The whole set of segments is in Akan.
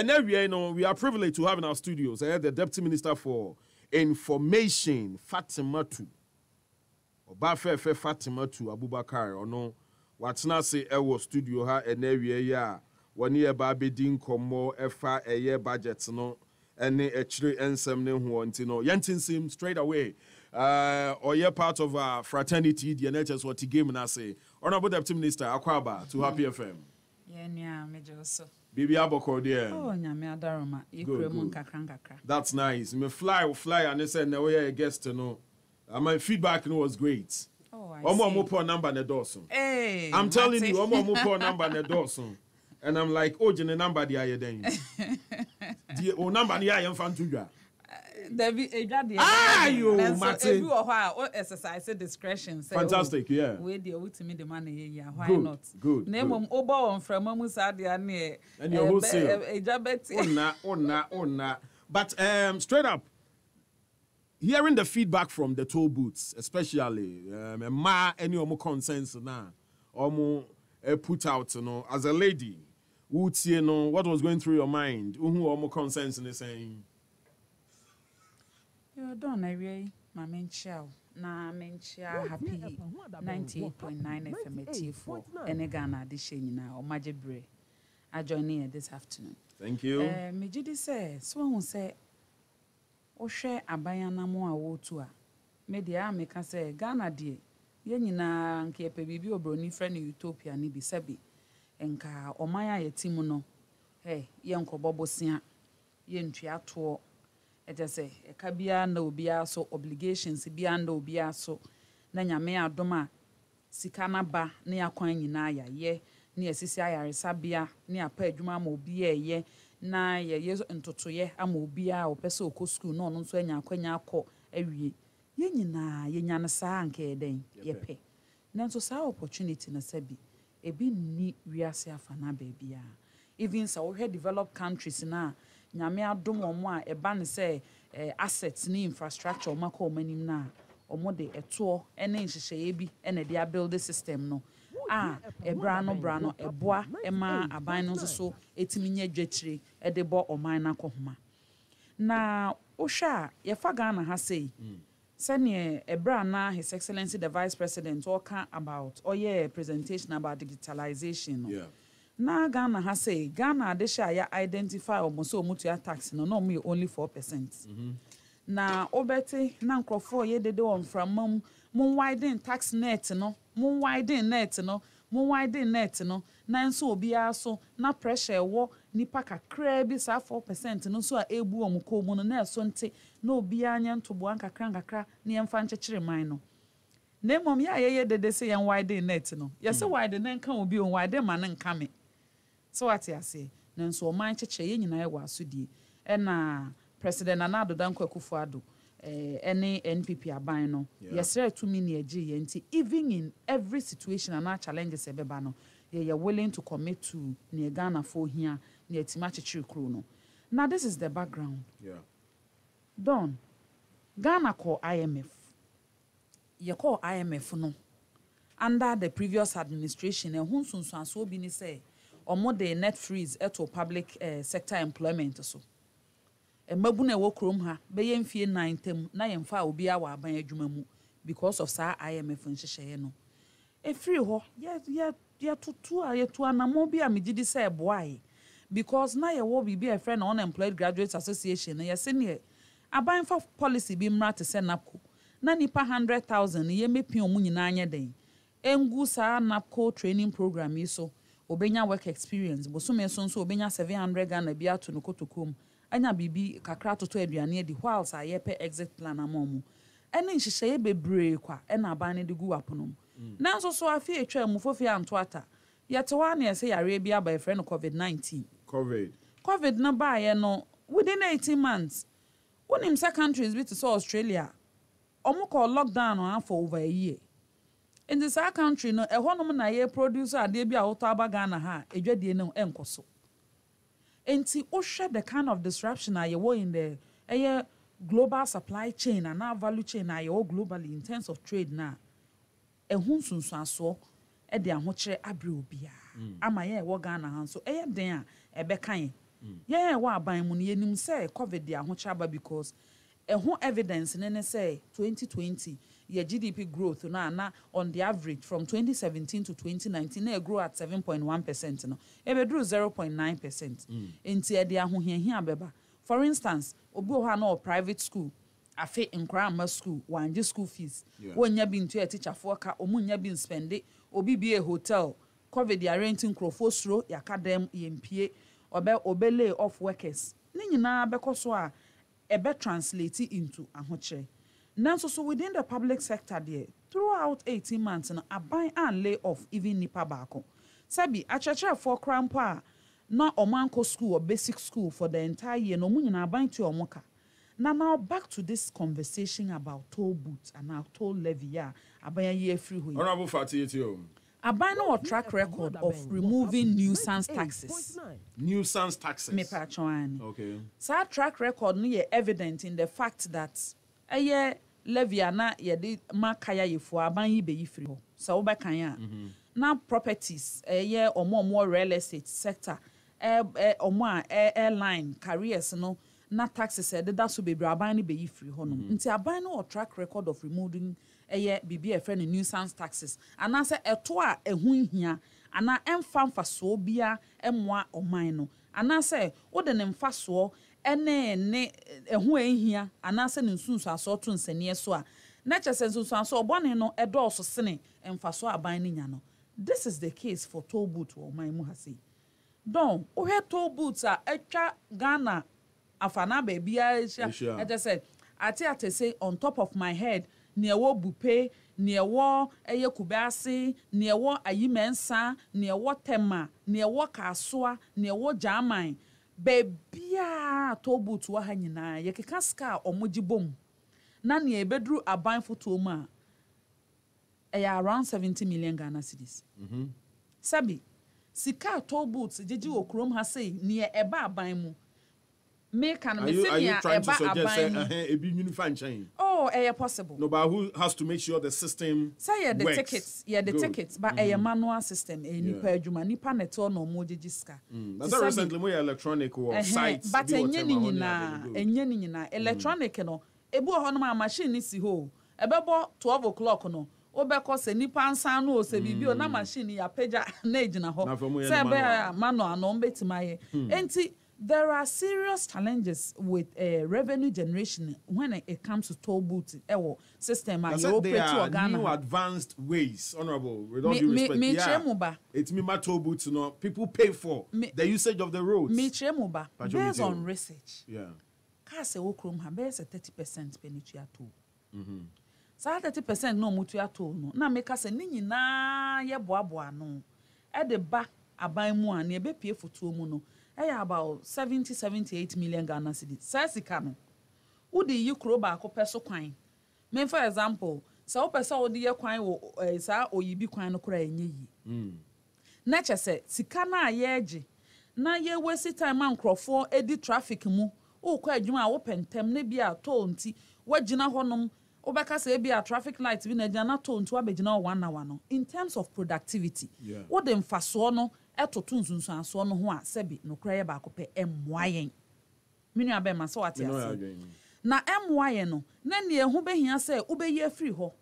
And every you know, we are privileged to have in our studios eh, the Deputy Minister for Information, Fatimatu. Oba Fefe Fatimatu Abubakar, or no, what's not say, e our studio, ha, and e every year, one year, Babi Dinko, more, FA, a e year budget, no, and a tree, and some name, one, you know, Yentin Sim straight away. Uh, or you're part of our fraternity, the NHS, what game, and I say, Honorable Deputy Minister, Akwaba, to Happy FM. Yeah, yeah, Major, so. Bibi Aboko there. Oh, nyame adaroma. Ikure mu nkakra nkakra. That's nice. Me fly fly and they said na we a guest no. And my feedback no was great. Oh, I Omo omo poor number na dawson. Hey. I'm telling you, omo omo poor number na dawson. And I'm like, "Oh, the number the aye then." The oh number the aye am fan tudwa dabi edwa deɛ ayo mate ebi wɔ hɔ a o exercise discretion fantastic oh, yeah wei deɛ wotumi de ma na yɛ yia why good, not good na emom obɔ wɔn mframa mu saa deɛ ne yɛ ɛni ɔmo se edwa bɛti ɔna ɔna ɔna but um, straight up hearing the feedback from the toll booths especially um, ma, any of ɔmo concerns na ɔmo eh, put out you know, as a lady would you know, what was going through your mind wohu ɔmo concerns ne saying. dɔn na awia ma na fm ghana nyinaa this afternoon thank you eh, sɛ sɛ wohu sɛ wohwɛ aban a wɔretu a medeɛ a meka sɛ ghana deɛ nyinaa nka yɛpɛ biribi obroni frɛ no utopia no bi sɛbi nka ɔman a yɛte mu no eh, yɛnkɔbɔ bosea yɛntuatoɔ e ɛkyɛ e ka bia na obi aso obligations biara na obi aso na nyame adom a sika n'aba ne akwan nyinaa na esisi ayare sabia na apa adwuma ma obi ye na ye yɛyɛ ntotoyɛ ama obi a ɔpɛ sɛ ɔkɔ sukuu na ɔno nso anya akwanya akọ awie yɛn nyinaa yɛnya no saa ye pe na nanso saa opportunity na sabi ebi ni wiase afa na bia even sɛ wohwɛ developed countries na nyame adom wɔn a ɛba ne sɛ ɛɛ asset ne infrastructure wɔn akɔ wɔn anim na wɔn de ɛtoɔ ne nhyehyɛeɛ bi na ɛde abuild system no a ɛbra no bra no ɛboa ma aban no nso so etimi nye dwakyire ɛde bɔ ɔman n'akɔhoma na wohwɛ a yɛfa ghana ha sei sɛnea ɛbrɛ na his excellence the vice president ɔka about ɔyɛ presentation about digitalization no. Yeah. na ghana ha say ghana adehyɛ a ya identify ọmụsọ sɛ ɔmo tua tax nọ na ɔmo yɛ only four percent mhm. na ɔbɛte na nkorɔfoɔ yɛ dede wɔ mframa mu mo widen tax net nọ mụ widen net nọ mụ widen net nọ no nanso obiara so na pressure ewo nipa kakra bi saa four percent no so a ebu wɔn kɔn nọ na ɛso nte na obiara nyɛ ntoboa nkakra nkakra na yɛn fa nkyekyere man no na emom ya ayeye yɛyɛ dede sɛ yɛn widen net mhm. no yɛsɛ widen ne nka obi o widen ma ne nka mee. sɛ wate ase ne nso ɔman kyekyɛ yɛn nyinaa wɔ asodie ɛna president nana adoda nkɔ akufo ado ɛne eh, npp aban no yɛsrɛ tumi ne agye yɛn nti even in every situation anaa challenges ɛbɛba no yɛyɛ willing to commit to neɛ ghanafoɔ hia ne atumi akyekyere kuro no na this is the background yeah. don ghana kɔ imf yɛkɔɔ imf no under the previous administration ɛho nsonsoasoɔ bi ne sɛ wɔn de net freeze ɛto public eh, sector employment so mmabunu a ɛwɔ kurom ha bɛyɛ mfie nan ntam na yɛn fa a obi awɔ aban adwuma mu because of saa imf nhyehyɛeɛ no efiri hɔ yɛ yɛ yɛtutu a yɛtu anamɔ bi a megye di sɛ ɛboa yi because na yɛwɔ biribi a yɛfrɛ na unemployed graduate association no yɛsɛ neɛ abanfa policy bi mmra te sɛ napco na nipa hundred thousand yɛmɛpia wɔn nyinaa nyɛ den ngu saa napco training program yi so obenya work experience bosome nso nso obenya seven hundred ghana bi ato no kotokuo mu anya biribi kakra atoto aduane adi whiles a yɛpɛ exit plan ama mu ɛne nhyehyɛeɛ bebree kwa ɛna aban no de gu wapono mu mm. nanso so afe atwa mu fofi anto ata yɛte hɔ ana yɛsɛ yareɛ bi aba yɛfrɛ no covid nineteen. covid covid no baayɛ no within eighteen months wonim sɛ countries bi te sɛ australia ɔmo kɔ lockdown ha for over a year nti saa country no m na yɛ produce adeɛ bi a wotɔ aba ghana ha edwadie no ɛnkɔ so nti wohwɛ the kind of disruption a yɛwɔ in the ɛyɛ global supply chain anaa value chain a yɛwɔ globally in terms of trade na ɛho nsonsansoɔ ɛde ahokyerɛ abere obiara ama yɛn ɛwɔ ghana ha nso ɛyɛ den a ɛbɛka yɛn yɛn ɛwɔ aban mu no yɛnim sɛ covid de ahokyerɛ aba because ɛho evidence ne ne sɛ 2020 yɛ gdp growth no ana on the average from 2017 to 2019 na ɛgrow at 7.1 percent no ɛbɛduru 0.9 percent mm. nti ɛde ahohiahia bɛba for instance obi wɔ hɔ a private school afe nkora ama school wangye school fees wɔnya bi ntu yɛ tikyafoɔ ka ɔmu nya bi nspɛnde obi bie hotel covid yɛarenti nkurɔfoɔ suro yɛaka dɛm yɛmpie ɔbɛ ɔbɛlay off workers ne nyinaa bɛkɔ so a ɛbɛ translate into ahokyerɛ nanso so within the public sector there throughout eighteen months no aban and lay off even nipa baako Sabi akyerɛkyerɛfoɔ kora mpo a na ɔmo ankɔ school or basic school for the entire year na ɔmo nyinaa aban te ɔmo ka na now back to this conversation about toll booths and ana toll levy a aban ayi afiri hɔ yi. honourable fati yi o. aban no wɔ track record of removing nuisance taxes. nuisance taxes. mepa atwa ani. okay. saa track record no yɛ evident in the fact that. ɛyɛ levy a na yɛde ma kaya yɛfoɔ aban yi bɛyi firi hɔ sɛ wobɛkan a mhm. na properties ɛyɛ ɔmo ɔmo real estate sector ɛɛ ɔmo a airline careers no na taxes ɛdeda so bebree aban no bɛyi firi hɔ nom mhm. nti aban no wɔ track record of removing ɛyɛ biribi a yɛfrɛ no nuisance taxes anaasɛ ɛto a ɛho hia anaa ɛmfa mfasoɔ biara ɛmoa ɔman no anaasɛ wode ne mfasoɔ ne ne ɛho ehia anaasɛ ne nsunsuaso ɔto nsɛnniɛ so a na kyerɛ sɛ nsunsuaso ɔbɔne no ɛdɔɔso sene mfaso aban ne nya no this is the case for toll booth wɔ ɔman mu ha sei dɔn wohɛ toll booth a atwa ghana afana baabiara ahyia ɛkyɛ sɛ ate atese on top of my head nea ɛwɔ bupe nea ɛwɔ ɛyɛ kubaase nea ɛwɔ ayimensa nea ɛwɔ tema nea ɛwɔ kaasoa nea ɛwɔ gyaman. beebiaa tollbooth wɔ ha nyinaa yɛkeka sika a wɔgye bom na nea ebeduru aban foto mu a ɛyɛ around seventy million ghana cedis mhm. sabi sika a tollbooth gyegye wɔ kurom ha sei nea ɛba aban mu Are you trying to suggest? aban uh-huh, ni. ebi nwini fa nkyɛn. oh ɛyɛ eh, eh, possible. no but who has to make sure the system works. sɛ yɛ de ticket yɛ de ticket but ɛyɛ eh, mm-hmm. manual system ɛyɛ nipa adwuma nipa na ɛtɔ no more. gyegye sika. Mm. that's why recently mo yɛ electronic wɔ site but ɛnyɛ ni nyinaa ɛnyɛ ni nyinaa mm. electronic no Ebu wɔ hɔ ma machine ni si hɔ o ɛbɛbɔ twelve o'clock no wobɛkɔ sɛ nipa nsan no o sɛ biribi o na mm. machine yɛ apagya na egyina hɔ sɛ ɛbɛyɛ manual no ɔmo ayɛ hmm. nti there are serious challenges with uh, revenue generation when it comes to toll booth ẹwọ eh, system a yóò pay to ọgá there are new advanced ways honourable with all due respect. mi tiẹ̀ mu ba. etimi ma toll booth na people pay for me, the usage of the roads. mi tiẹ̀ mu based on research. cars ẹ̀wọ̀ kurom ha bẹ́ẹ̀ sẹ̀ thirty percent pẹ̀ ní tuya toll. Mm-hmm. saa thirty percent no mo toll no na mi ka nini na ye boa boa no At the back aban mu a ní ẹ̀ bẹ́ pie fotuo mu no. Mm ɛyɛ about seventy seventy eight million ghana cedis saa sika no wode yi kuro baako pɛ so kwan men for example sɛ wopɛ sɛ wode yɛ kwan wɔ ɛɛ saa oyibi kwan no kora ɛnyɛ yie hmm. na kyɛ sɛ sika no a yɛregye na yɛwasi time a nkurɔfoɔ edi traffic mu wokɔ adwuma a wopɛ ntɛm ne bi a toll nti woagyina hɔnom wobɛka sɛ ebi a traffic light bi na gyina na toll nti wabɛgyina hɔ one hour no in terms of productivity wode mfasoɔ no ɛtoto nsunsuansoɔ no ho a sɛbi nokora yɛ baako pɛ ɛmmoa yɛn minu abɛɛma sɛ wate ase na ɛmmoa yɛn no na nea ɛho bɛhia sɛ wobɛyi afiri hɔ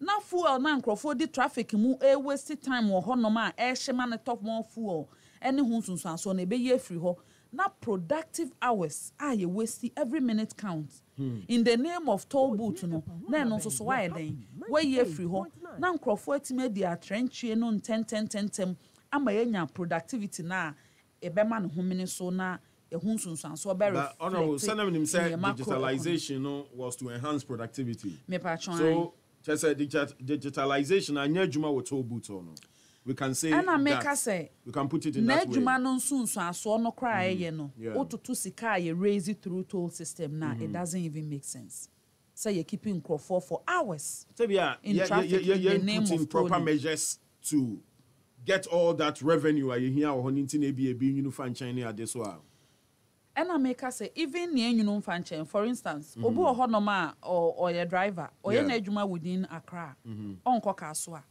na fuel na nkurɔfoɔ di traffic mu ɛwɛsi time wɔ hɔnom a ɛhyɛ ma ne top more fuel ɛne ho nsunsuansoɔ no ɛbɛyi afiri hɔ na productive hours a yɛwɛsi every minute count hmm. in the name of toll booth no na ɛno nso so wayɛ dɛn wɔayi afiri hɔ na nkurɔfoɔ atumi adi atrɛntwie no ntɛntɛntɛntɛm ama yɛnya productivity na a yɛbɛma ne homene so na ɛho nsonsansoɔ bɛ reflectnɛma digitalization no was to enhance productivity mepatwɔn so kyɛ sɛ digitalization anyɛ adwuma wɔ toll boot hɔ no we can say ɛna meka sɛ we can put it in that way n'adwuma no nsonsansoɔ no koraa mm-hmm. ɛyɛ no wototo sika a yɛ raise through toll system na it mm-hmm. doesn't even make sense sɛ yɛ keeping nkurɔfoɔ for hours in traffic in the name of tolling proper measures to get all that revenue a yɛhia wɔ hɔ no nti na ebi ebi nwunu fa nkyɛn ne ade so a. ɛna meka sɛ even nea nwunu fa nkyɛn for instance mhm. obi wɔ hɔnom a ɔyɛ driver ɔyɛ n'adwuma within Accra ɔnkɔ kaaso a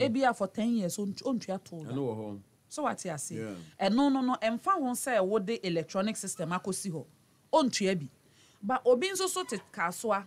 ebi a for ten years ontua tool la so wate ase eh, ɛno no no ɛmfa ho sɛ wode electronic system akɔsi hɔ ontua bi ba obi nso so te kaaso a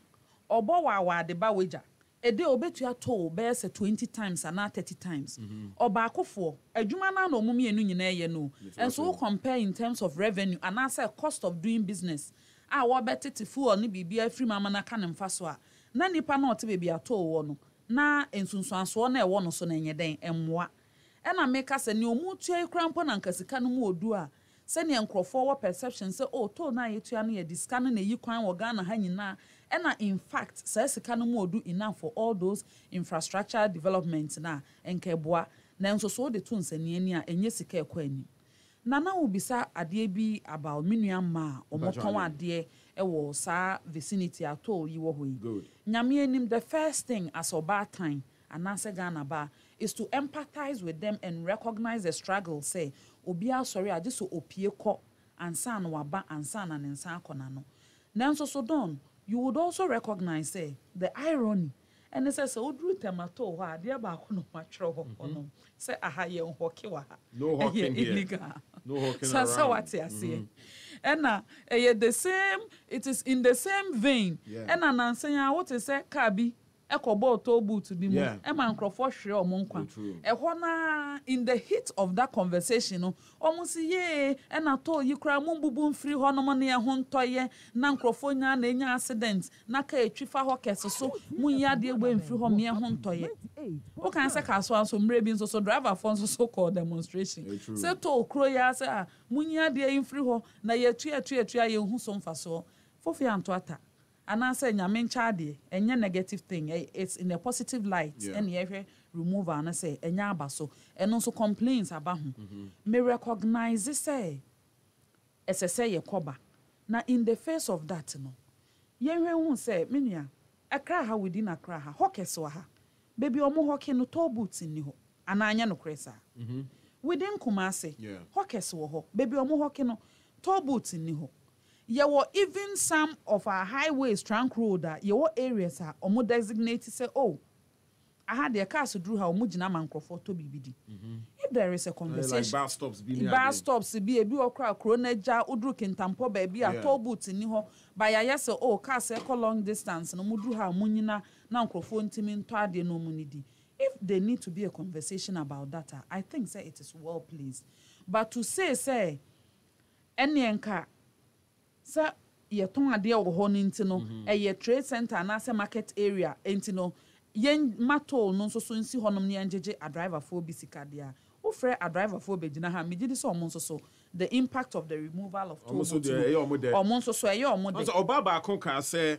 ɔbɔ wɔ awɔ adeba wagya ɛde obɛtua tow bɛyɛ sɛ twenty times anaa thirty times ɔbaakofoɔ mm-hmm. adwuma naa na ɔmo mmienu nyinaa yɛ no nso wo compare in terms of revenue anaasɛ cost of doing business a wɔbɛtete fuel ne biribi afiri mu ama n'aka ne mfa so a na nipa na ɔte beebi atow wɔ no na nsonsansoɔ na ɛwɔ no so na ɛnyɛ dɛn ɛmmoa ɛna mmeka sɛ nea ɔmo tua yi kora mpo na nkasika no mu odu a sɛnea nkurɔfoɔ wɔ perception sɛ o oh, tow naa yɛtua no yɛ de sika no na eyi kwan wɔ ghana ha nyinaa ɛna in fact saa sika no mu odu enough for all those infrastructure development na nka na nanso so wode to nsani ani a ɛnyɛ sika ɛkɔ ani nana wo bisa adeɛ bi about me nua mma a ɔmɔtɔn adeɛ ɛwɔ saa vicinity ato yi wɔ hɔ yi nyame anim the first thing as ɔbaatan anaasɛ ghana ba is to empathize with them and recognize the struggle Say obiara sɔre agye so opie kɔ ansa na waba ansa na ne nsa akɔ n'ano nanso so don you would also recognize say eh, the irony ɛne sɛ sɛ woduru tɛmato hɔ a adeɛ baako na ɔmatwerɛ hɔ hɔ no sɛ aha yɛ nhɔke wɔ ha ɛyɛ illegal sa sɛ wate aseɛ ɛna ɛyɛ the same it is in the same vein ɛna nansan a wote sɛ kaa bi ɛkɔ bɔɔl tow boot bi mu ɛma nkurɔfoɔ hwere ɔmo nkwa ɛhɔ naa in the heat of that conversation no ɔmo si yee ɛna tow yi koraa mo bubu nfiri hɔ nom ne ɛho ntɔyɛ na nkurɔfoɔ nyinaa na enya accident na ka etwi fa hɔ kɛse so mo yi adeɛ bɔ nfiri hɔ mea ho ntɔyɛ o kan sɛ kaaso aso mmerɛ bi nso so driver fo nso so kɔ demonstration sɛ tow kuro yi ase a ah, mo yi adeɛ yi nfiri hɔ na yɛtua tua tua yɛn ho so mfa soɔ fofi anto ata. anaasɛ nyame nkya adeɛ ɛnyɛ negative thing it's in a positive light ɛne yɛhwɛ removal no sɛ ɛnyɛ aba so ɛno nso complaints aba ho mm-hmm. me sɛ ɛsɛ sɛ na in the face of that no yɛhwɛ hu sɛ me ɛkra ha na kra ha hɔ kɛse wɔ ha baabi ɔmo hɔ ke no tall nni hɔ anaa nyɛ nokorɛ saa mm-hmm. within hɔ kɛse wɔ hɔ baabi ɔmo hɔ ke no nni hɔ yɛwɔ even some of our highways trunk road a yɛwɔ areas a wɔn designate sɛ o oh, aha deɛ cars duru ha wɔn gyina ama nkurɔfoɔ tɔ biribi di mhm. if there is a conversation eh, like bar stops bi ni bar stops bi ebi wɔ kora kuro n'agya oduru kintampɔ baabi a toll booth ni hɔ bayayɛ sɛ o oh, cars ɛkɔ long distance na wɔn duru ha wɔn nyina na nkurɔfoɔ ntumi ntɔ adeɛ na wɔn ni di if there need to be a conversation about that i think say it is well placed but to say say ɛnneɛ nka sɛ yɛtɔn adeɛ wɔ hɔ no nti no mhm. ɛyɛ trade center anaasɛ market area nti no yɛn matoo no nso so nsi hɔnom ne yɛngyegye adriverfoɔ bi sika deɛ a wofrɛ adriverfoɔ bɛgyina ha megye di sɛ ɔmo nso so the impact of the removal of toll nso ɔmo nso so ɛyɛ ɔmo dɛ ɔbaa baako kaa sɛ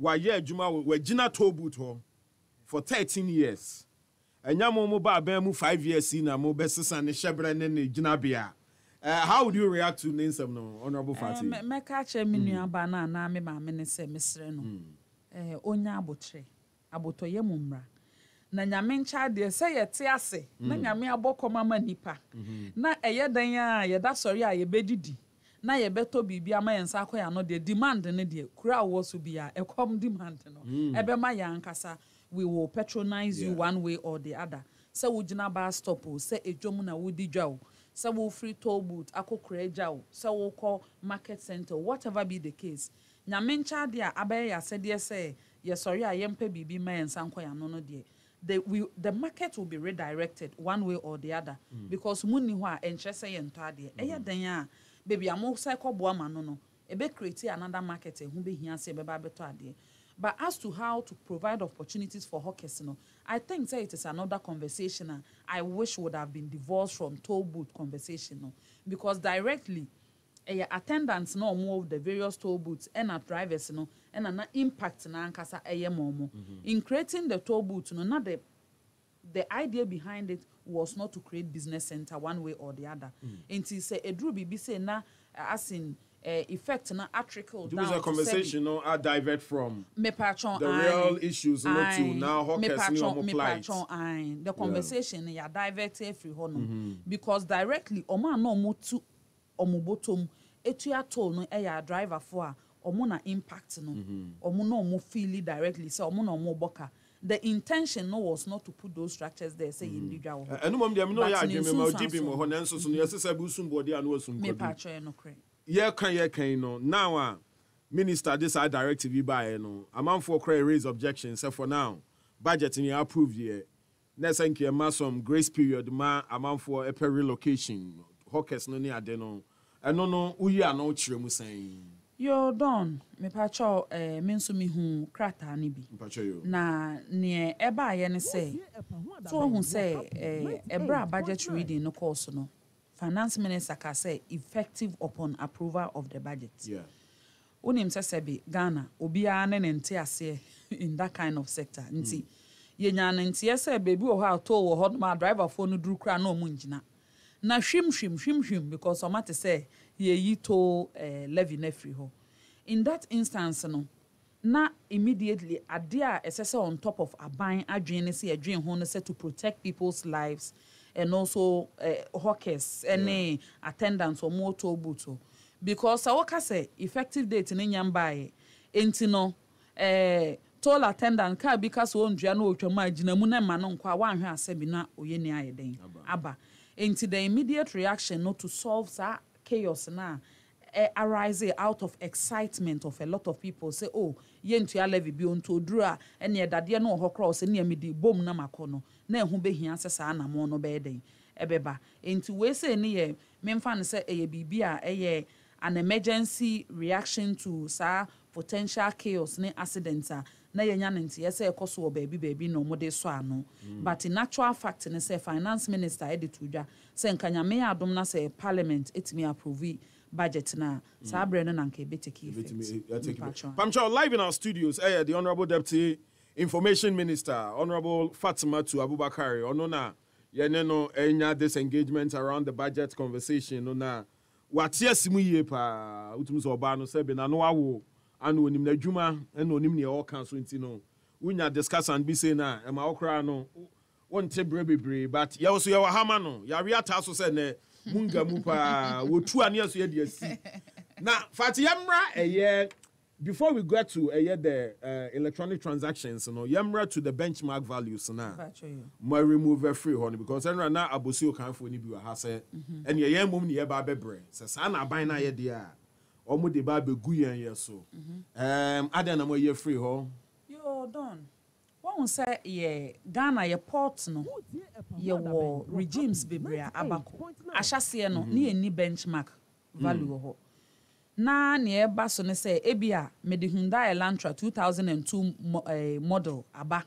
wayɛ adwuma wagyina toll booth hɔ for thirteen years ɛnya mo mo ba abɛn mu five years yi na mo bɛsesa ne hyɛbrɛ ne ne gyinabea Uh, how would you react to Ninsem, no, Honorable eh, Fati? Mɛka kyerɛ me nuaba no anaa hmm. me eh, maame ne sɛ mesrɛ no ɔnya abokyerɛ abotɔyɛ mu mmara na nyame nkyɛ adeɛ sɛ yɛte ase na hmm. nyame abɔ kɔma ma nnipa mm-hmm. na eye dan a yɛda sɔre a yɛbɛdidi na yɛbɛtɔ biribi ama yɛn nsa akɔ yɛn ano deɛ demand no deɛ kura a wɔwɔ so bia ɛkɔm hmm. demand no ɛbɛma yɛn ankasa we will patronize yeah. you one way or the other sɛ wogyina bus stop o sɛ edwom na wodi dwa o. sɛ wofiri toll booth akɔkora agya wo sɛ wokɔ market center whatever be the case nyame nkyɛn adeɛ a abɛyɛ yɛ asɛdeɛ sɛ yɛsɔre a yɛmpɛ biribi ma yɛn nsa nkɔ yɛn no deɛ the we the market will be redirected one way or the other mm. because mu ni hɔ a ɛnkyerɛ sɛ yɛn ntɔ adeɛ mm. ɛyɛ den a beebi a mo sɛ kɔboa ma no no ebe create another market ɛho bɛ hia sɛ ɛbɛba abɛtɔ adeɛ. But as to how to provide opportunities for hawkers, you know, I think say it is another conversation. Uh, I wish would have been divorced from toll booth conversation, you know, because directly ɛyɛ eh, attendants know more of the various toll booths and eh, ɛna drivers you know, eh, and an impact na ankasa ɛyɛ ma ɔmo in creating the toll booth you know, na the the idea behind it was not to create business center one way or the other say, sɛ eduru biribi say, na asin. Uh, uh, effect na uh, trickle down to sebi. conversation no a divert from. mepatron the the real issues no to now hawkers ni ọmọ plight. mepatron ayin the conversation yeah. ya divert efiri hɔ mm-hmm. because directly Oma a na Omo tu ɔmo bɔtɔ mu etu ato no ɛyɛ driver fo a ɔmo na impact no Omo na Omo feel directly so Omo na Omo boka. the intention no was not to put those structures there say yɛn didwa wɔ hɔ. ɛnu mɔmu deɛ mi n'oyɛ adwuma ma odi bi mu hɔ nanso so no yɛ sisan bi sun bɔde a no wa sun kɔdu. mepatron yɛ no correct yɛkan yɛkan no now a uh, minister de saa directive yi baeɛ no amanfoɔ kora raise objection sɛ for now budget no yɛ approve yɛ na ɛsɛ nka some grace period ma amanfoɔ ɛpɛ relocation hawkers no ne ade no ɛno eh, no woyi a na wokyerɛ mu sɛn yo don mepakyɛ eh, me nso mehu krataa no bi na neɛ ɛbaayɛ ne sɛ so wohu sɛ ɛberɛ a budget reading no kɔɔ so no finance minister ka sɛ effective upon approval of the budget yeah. wonim sɛ sɛbi ghana obiara ne ne nte aseɛ in that kind of sector nti mm. yɛnya ne nteɛ sɛ baabi wɔ hɔ a too wɔ hɔ ma driverfoɔ no duru koraa na ɔmu ngyina na hwim hwim hwim hwim because ɔma te sɛ yɛyi too eh, levy no afiri hɔ in that instance no na immediately adeɛ a ɛsɛ sɛ on top of aban adwene ne sɛ yɛdwene ho no sɛ to protect people's lives ɛno nso eh, hawkers ne attendants wɔn to buto because sɛ wɔka eh, effective date ne nya mbaeɛ nti no ɛɛ eh, toll attendant kaa bi ka sɛ wɔndua na ɔtwa a gyina mu na ma no nkɔ a wɔanhwɛ asɛ bi na ɔyɛ ni ayɛ the immediate reaction no to solve saa chaos na uh, arise out of excitement of a lot of people say oh yen levy bi levy oduro a ɛne ɛdadeɛ no wɔ hɔ koraa ɔsɛ ne ɛmi de na makono na ɛho bɛhia sɛ saa anammɔ no bɛyɛ dɛn ɛbɛba nti weesei no yɛ memfa no sɛ ɛyɛ biribi a ɛyɛ an emergency reaction to saa potential chaos ne accident a na yɛnya ne nteɛ sɛ ɛkɔ so wɔ baabi baabi na ɔmode sɔ ano mm. but natural fact ne sɛ finance minister ɛde to dwa sɛ nka nyame yɛ na sɛ parliament ɛtumi approve budget na mm. saa berɛ no na nka ɛbɛtaki effect pamkyɛ live in our studios ɛyɛ the honourable deputy information minister honourable fatimatu abubakar ọ̀nà na yẹn no this engagement around the budget conversation no na wate asi mu yie paa wotumi sɛ ɔbaa no sɛbi na no awo ana onim n'adwuma ɛna onim nea ɔka so nti no wonya discussion bi sei na ɛma ɔkora no wɔnte berɛ bebree but yɛwɔ so yɛwɔ hama no yare ataa so sɛ nɛ munga mu paa wɔtu a ne yɛ so yɛde asi na fate yɛmmra ɛyɛ before we get to uh, yeah, the uh, electronic transactions, you know, Yemra to the benchmark values na. My e remove e free honey because enra na abosi o kan foni bi wa ha se. And your yam mum ye ba bebre. Se sa na ban na ye Omo de ba be gu yen ye so. Um mm-hmm. ada na mo ye free ho. Yo done. Wɔn sɛ yɛ Ghana ye port no ye wo regimes bebree a abako mm-hmm. ahyɛseɛ no ni e ni benchmark value mm-hmm. ho. Mm na nea ɛba so no sɛ ebi a mede hyundai elantra 2002 mo, eh, model aba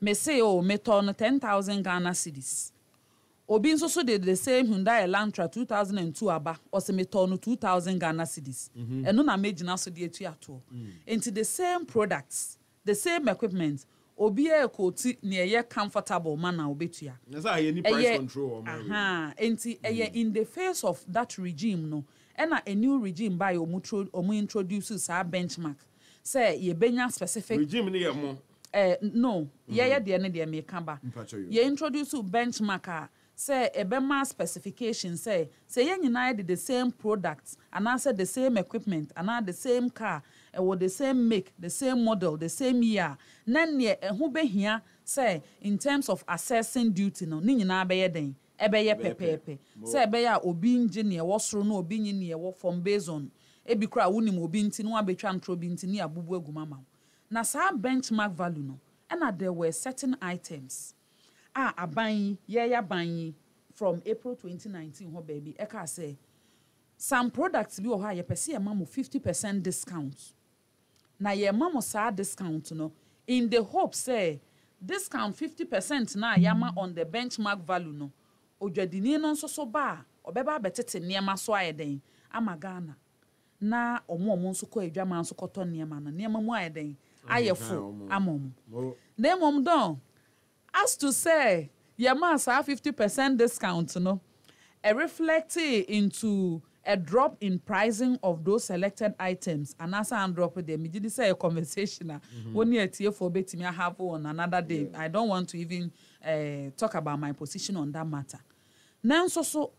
mese o metɔ no 10000 ghana cedis obi nso so de the same hyundai elantra 2002 aba ɔsɛ metɔ no 2000 ghana cedis mhm. ɛno mm -hmm. na megyina so de atu atoɔ mm. nti the same products the same equipment obi a ekooti nea ɛyɛ comfortable ma na obetua. ɛyɛ ɛyɛ nti ɛyɛ mm. in the face of that regime no ɛna a new regime ba yɛ ɔmo ɔmo introduce saa benchmark sɛ yɛbɛnya specific. regime ni yɛ mo. ɛɛ eh, no yɛyɛ mm-hmm. deɛ ne deɛ meka ba yɛ introduce benchmark a sɛ ɛbɛma specification sɛ sɛ yɛn nyinaa yɛde the same product anaasɛ the same equipment anaa the same car ɛwɔ the same make the same model the same year na neɛ ɛho bɛhia sɛ in terms of assessing duty no ne nyinaa bɛyɛ den ɛbɛyɛ pɛpɛɛpɛ sɛ ɛbɛyɛ a obi ngye nea ɛwɔ soro na obi nye nea ɛwɔ fam based on ebi koraa wonim obi nti na wabɛtwa ntoro bi nti ne abubu aguma ma na saa benchmark value no ɛna there were certain items a aban yi yɛyɛ aban yi from april 2019 hɔ baabi ɛka sɛ some products bi wɔ hɔ a yɛpɛ sɛ yɛma mo 50 percent discount na yɛma mo saa discount no in the hope sɛ discount 50 percent na yɛama on the benchmark value no odwadini no nso so baa ɔbɛba abɛtete nneɛma so ayɛ den ama ghana na ɔmo ɔmo nso kɔ adwama nso kɔtɔ nneɛma no nneɛma mu ayɛ den ayɛ fo ama ɔmo na mmom dɔn as to say yɛmaa saa fifty percent discount no e reflect into a drop in pricing of those selected items anasa and drop there me gidi say a conversation a mhm. wɔn ni atiefoɔ betumi ahabo on another day yeah. i don't want to even uh, talk about my position on that matter. Now, so, so,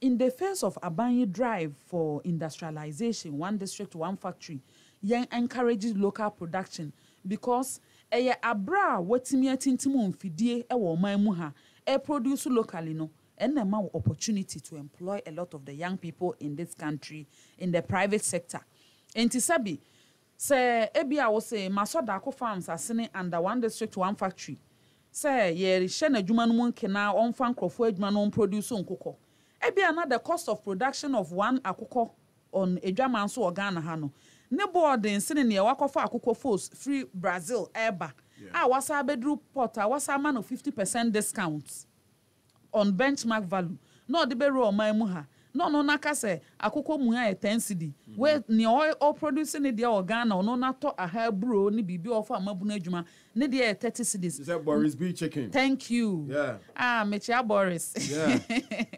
in the face of Abanye drive for industrialization, one district, one factory, yẹn encourages local production because ɛyɛ eh, abra a wɔtumi atintim mfidie eh, wɔ ɔman mu ha ɛproduce locally no ɛna ma wɔ opportunity to employ a lot of the young people in this country in the private sector And tisabi, sɛ ebi I wɔsɛ masɔ daako farms are sitting under one district one factory sɛ yɛrehyɛ n'adwuma no mu nkena ɔmfa nkurɔfoɔ adwuma no ɔmproduce nkokɔ ebia na the cost of production of one akokɔ on adwama nso wɔ ghana ha no ne akwụkwọ sene nea akokɔ firi brazil ɛreba a wasa abɛduru port a wasa ama no 50 percent discount on benchmark value na ɔde bɛwura ɔman mu ha No, no, na sɛ e, akokɔ mu ayɛ e, ten cd wei nea ɔ ɔproduce ne deɛ wɔ ghana ɔno n'atɔ aha buro ne biribi a ɔfa amabunu adwuma ne deɛ yɛ e thirty cds. is that boris b chicken. thank you. Yeah. ah mekyia boris. Yeah.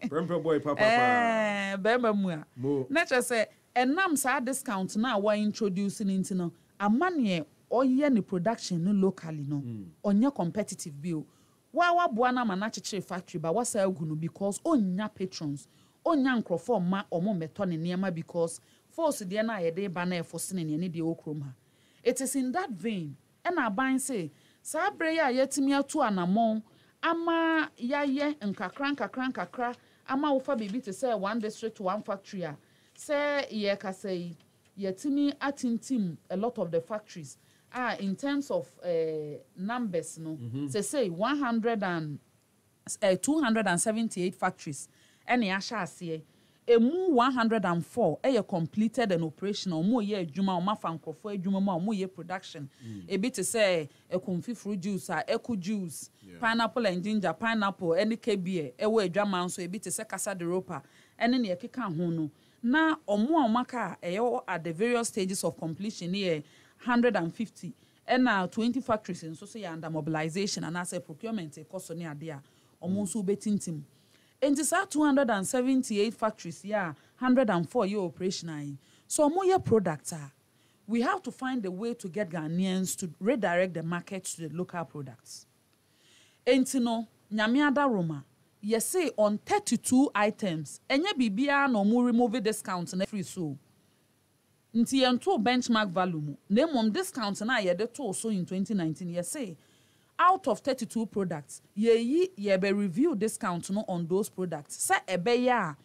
pɛmpɛ boy papa. ɛɛ eh, bɛrima mu a. mo na kyerɛ sɛ ɛnam saa discount na a wɔn introduce ne ti no ama neɛ ɔyɛ ne production no locally no ɔnyɛ hmm. competitive bi o wa waboa no ama no akyekyere factory ba wasa agu no because ɔnnya patrons ɔnya nkurɔfoɔ mma ɔmo mmɛtɔ ne nneɛma because force deɛ no a yɛde ba no ɛfo sene neɛ ne deɛ wɔ ha it is in that vein ɛna aban se saa bere yi a yɛtumi ato anammɔn ama yɛayɛ nkakra nkakra nkakra ama wofa biribi te sɛ one district one factory a sɛ yɛkasa yi yɛtumi atintim a lot of the factories a ah, in terms of uh, numbers no mm -hmm. sɛ sɛ one hundred and uh, two hundred and seventy eight factories ɛna ahyɛ aseɛ emu one hundred and four ɛyɛ completed and operational ɔmo yɛ adwuma ɔmo afa nkorɔfoɔ adwuma mu a ɔmo yɛ production hmm. ebi te sɛ ɛkun fifuru juice a ɛku juice pineapple and ginger pineapple ɛne kebie ɛwɔ adwama nso ebi te sɛ kasa de ropa ɛne nea ɛkeka ho no na ɔmo a ɔmo aka ɛyɛ at the various stages of completion yɛ hundred and fifty ɛna twenty factories nso so yɛ under mobilization anaasɛ procurement ɛkɔ so ne adeɛ a ɔmo hmm. nso bɛtintim. Mm nti saa two hundred and seventy eight factories yɛ a hundred and four yɛ operational yi so ɔmo yɛ product a we have to find a way to get ghanaians to redirect the market to the local products nti no nyame adaroma yɛse on thirty two items ɛnyɛ biribiara na ɔmo remove discount na free so nti yɛn to benchmark value mu na emom discount na yɛde to so in twenty nineteen yɛse out of thirty two products yɛyi yɛbɛ review discount no on those products sɛ ɛbɛyɛ a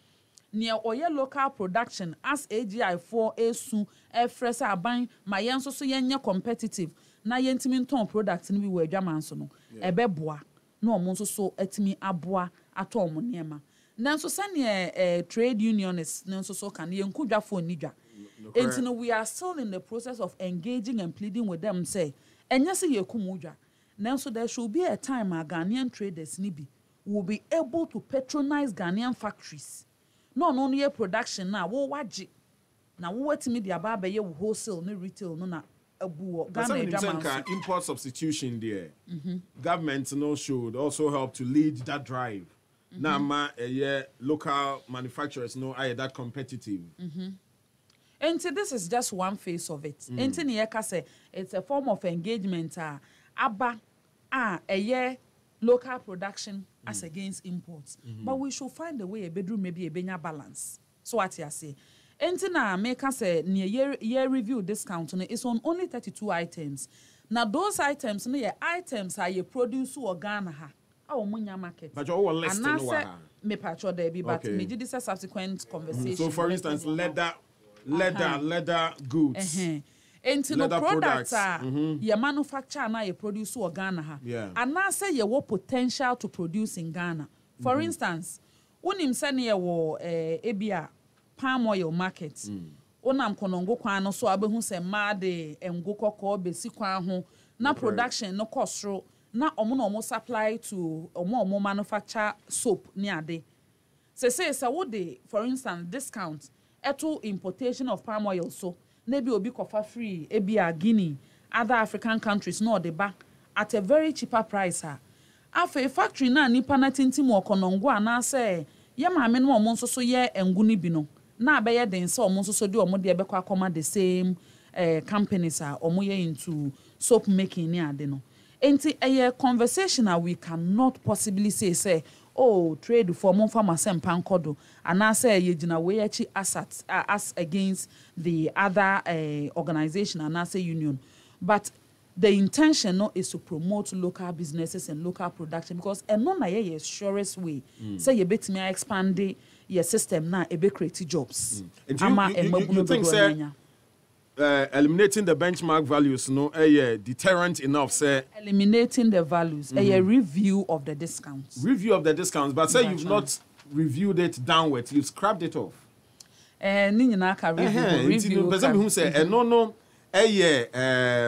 nea ɔyɛ local production as agi foɔ esu ɛfrɛ sɛ aban ma yɛn nso so yɛn nyɛ competitive na yɛn ntumi ntɔn product no bi wɔ adwaman so no ɛbɛboa na ɔmo nso so ɛtumi aboa atɔ ɔmo nneɛma nanso sɛnea ɛɛ trade unionists ne nso so ka no yɛn nkudwafoɔ ni dwa nti no we are still in the process of engaging and pleading with them sɛ ɛnyɛ sɛ yɛ kum dwa nanso there should be a time a ghanaian traders ni will be able to patronize ghanaian factories na ɔno no yɛ production na wo wagye na wo watumi de aba abɛyɛ wo wholesale ne retail no na abu wɔ ghana adwaman so import substitution There, mm -hmm. government no should also help to lead that drive mm -hmm. na ama ɛyɛ eh, local manufacturers no ayɛ that competitive. Mm -hmm. nti this is just one phase of it. Mm. nti ni yɛ ka sɛ it's a form of engagement a ah, aba a ɛyɛ local production mm. as against imports mm -hmm. but we should find a way A bedroom, maybe a ebenya balance so what say? ase nti make us a near year year review discount no it's on only thirty two items na those items no yɛ items a yɛ produce wɔ ghana ha a wɔn nya market anaasɛ mepatwɔ dɛbi but okay. megye di subsequent mm-hmm. conversation. Mm so for instance leather leather leather goods. Uh -huh nti no products a mm-hmm. yɛ manufacture na yɛ produce wɔ ghana ha anaasɛ yɛwɔ potential to produce in ghana for mm -hmm. instance wonim sɛne yɛwɔ eh, ebi a palm oil market mm. wonam mm. kɔnɔngo kwan no so a wobɛhu sɛ mmaa de ngo kɔkɔɔ bɛsi kwan ho na production no kɔ soro na ɔmo na ɔmo supply to ɔmo ɔmo manufacture soap ne ade sese sɛ wode for instance discount ɛto importation of palm oil so na bi obi kɔfa free ebi a guinea other african countries na ɔde ba at a very cheaper price ah. a afei factory na nipa na tintim wɔ kɔnɔngo anaasɛ yɛ maame no ɔmo nso so yɛ ngo no bi no na abɛyɛ den sɛ ɔmo nso so de ɔmo deɛ bɛkɔ akɔma the same eh, companies a ah, ɔmo yɛ into soap making ne ade no nti ɛyɛ conversation a ah, we cannot possibly say sɛ. oh trade for momfa masɛm pankɔ do anaasɛ yɛgyina wei akyi asat uh, as against the other uh, organization anaasɛ union but the intention no is to promote local businesses and local production because ɛno na yɛ surest way So ye bet me expand yɛ system na ebe create jobs mm. you you think sir? uh, eliminating the benchmark values no ɛyɛ eh, Yeah, deterrent enough sɛ. eliminating the values ɛyɛ eh, mm -hmm. uh, review of the discounts. review of the discounts but say you've not reviewed it downward. you've scrapped it off. ɛɛ ne nyinaa ka review uh -huh. review ka ntino pɛsɛ mihun sɛ ɛno no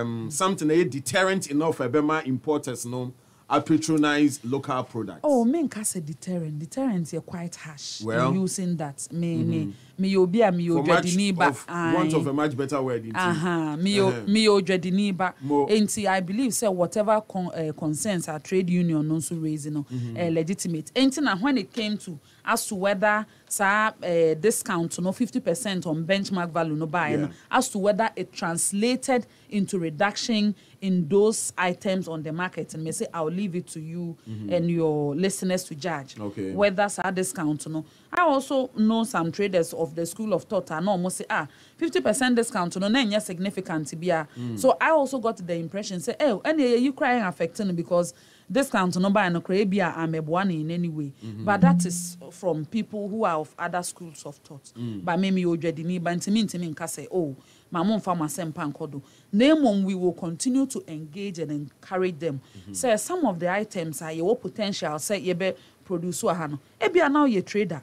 um, something ɛyɛ deterrent enough for bema importers no. I patronize local products. Oh, me nka say deterrent. Deterrent is quite harsh. Well, in using that me mm-hmm. me me yo be me yo dread ba. Want of a much better word. Aha, me yo uh-huh. me yo dread niba. Enti I believe say whatever con, uh, concerns our trade union also raising no mm-hmm. uh, legitimate. Enti na when it came to as to whether saa uh, eh, discount no fifty percent on benchmark value no buy yeah. no as to whether it translated into reduction in those items on the market and may say I'll leave it to you mm-hmm. and your listeners to judge okay. whether it's a discount or no. I also know some traders of the school of thought and almost say ah 50% discount no then yes significant to be mm. so I also got the impression say oh any you crying affecting because discount no buy no cry be I'm a in any way mm-hmm. but that is from people who are of other schools of thought mm. but maybe you already need but to me to say oh ma mo nfa ma se mpa nkodo na emom we will continue to engage and encourage them mm -hmm. so, some of the items are your potential say ye be produce wa ha no e bia now ye trader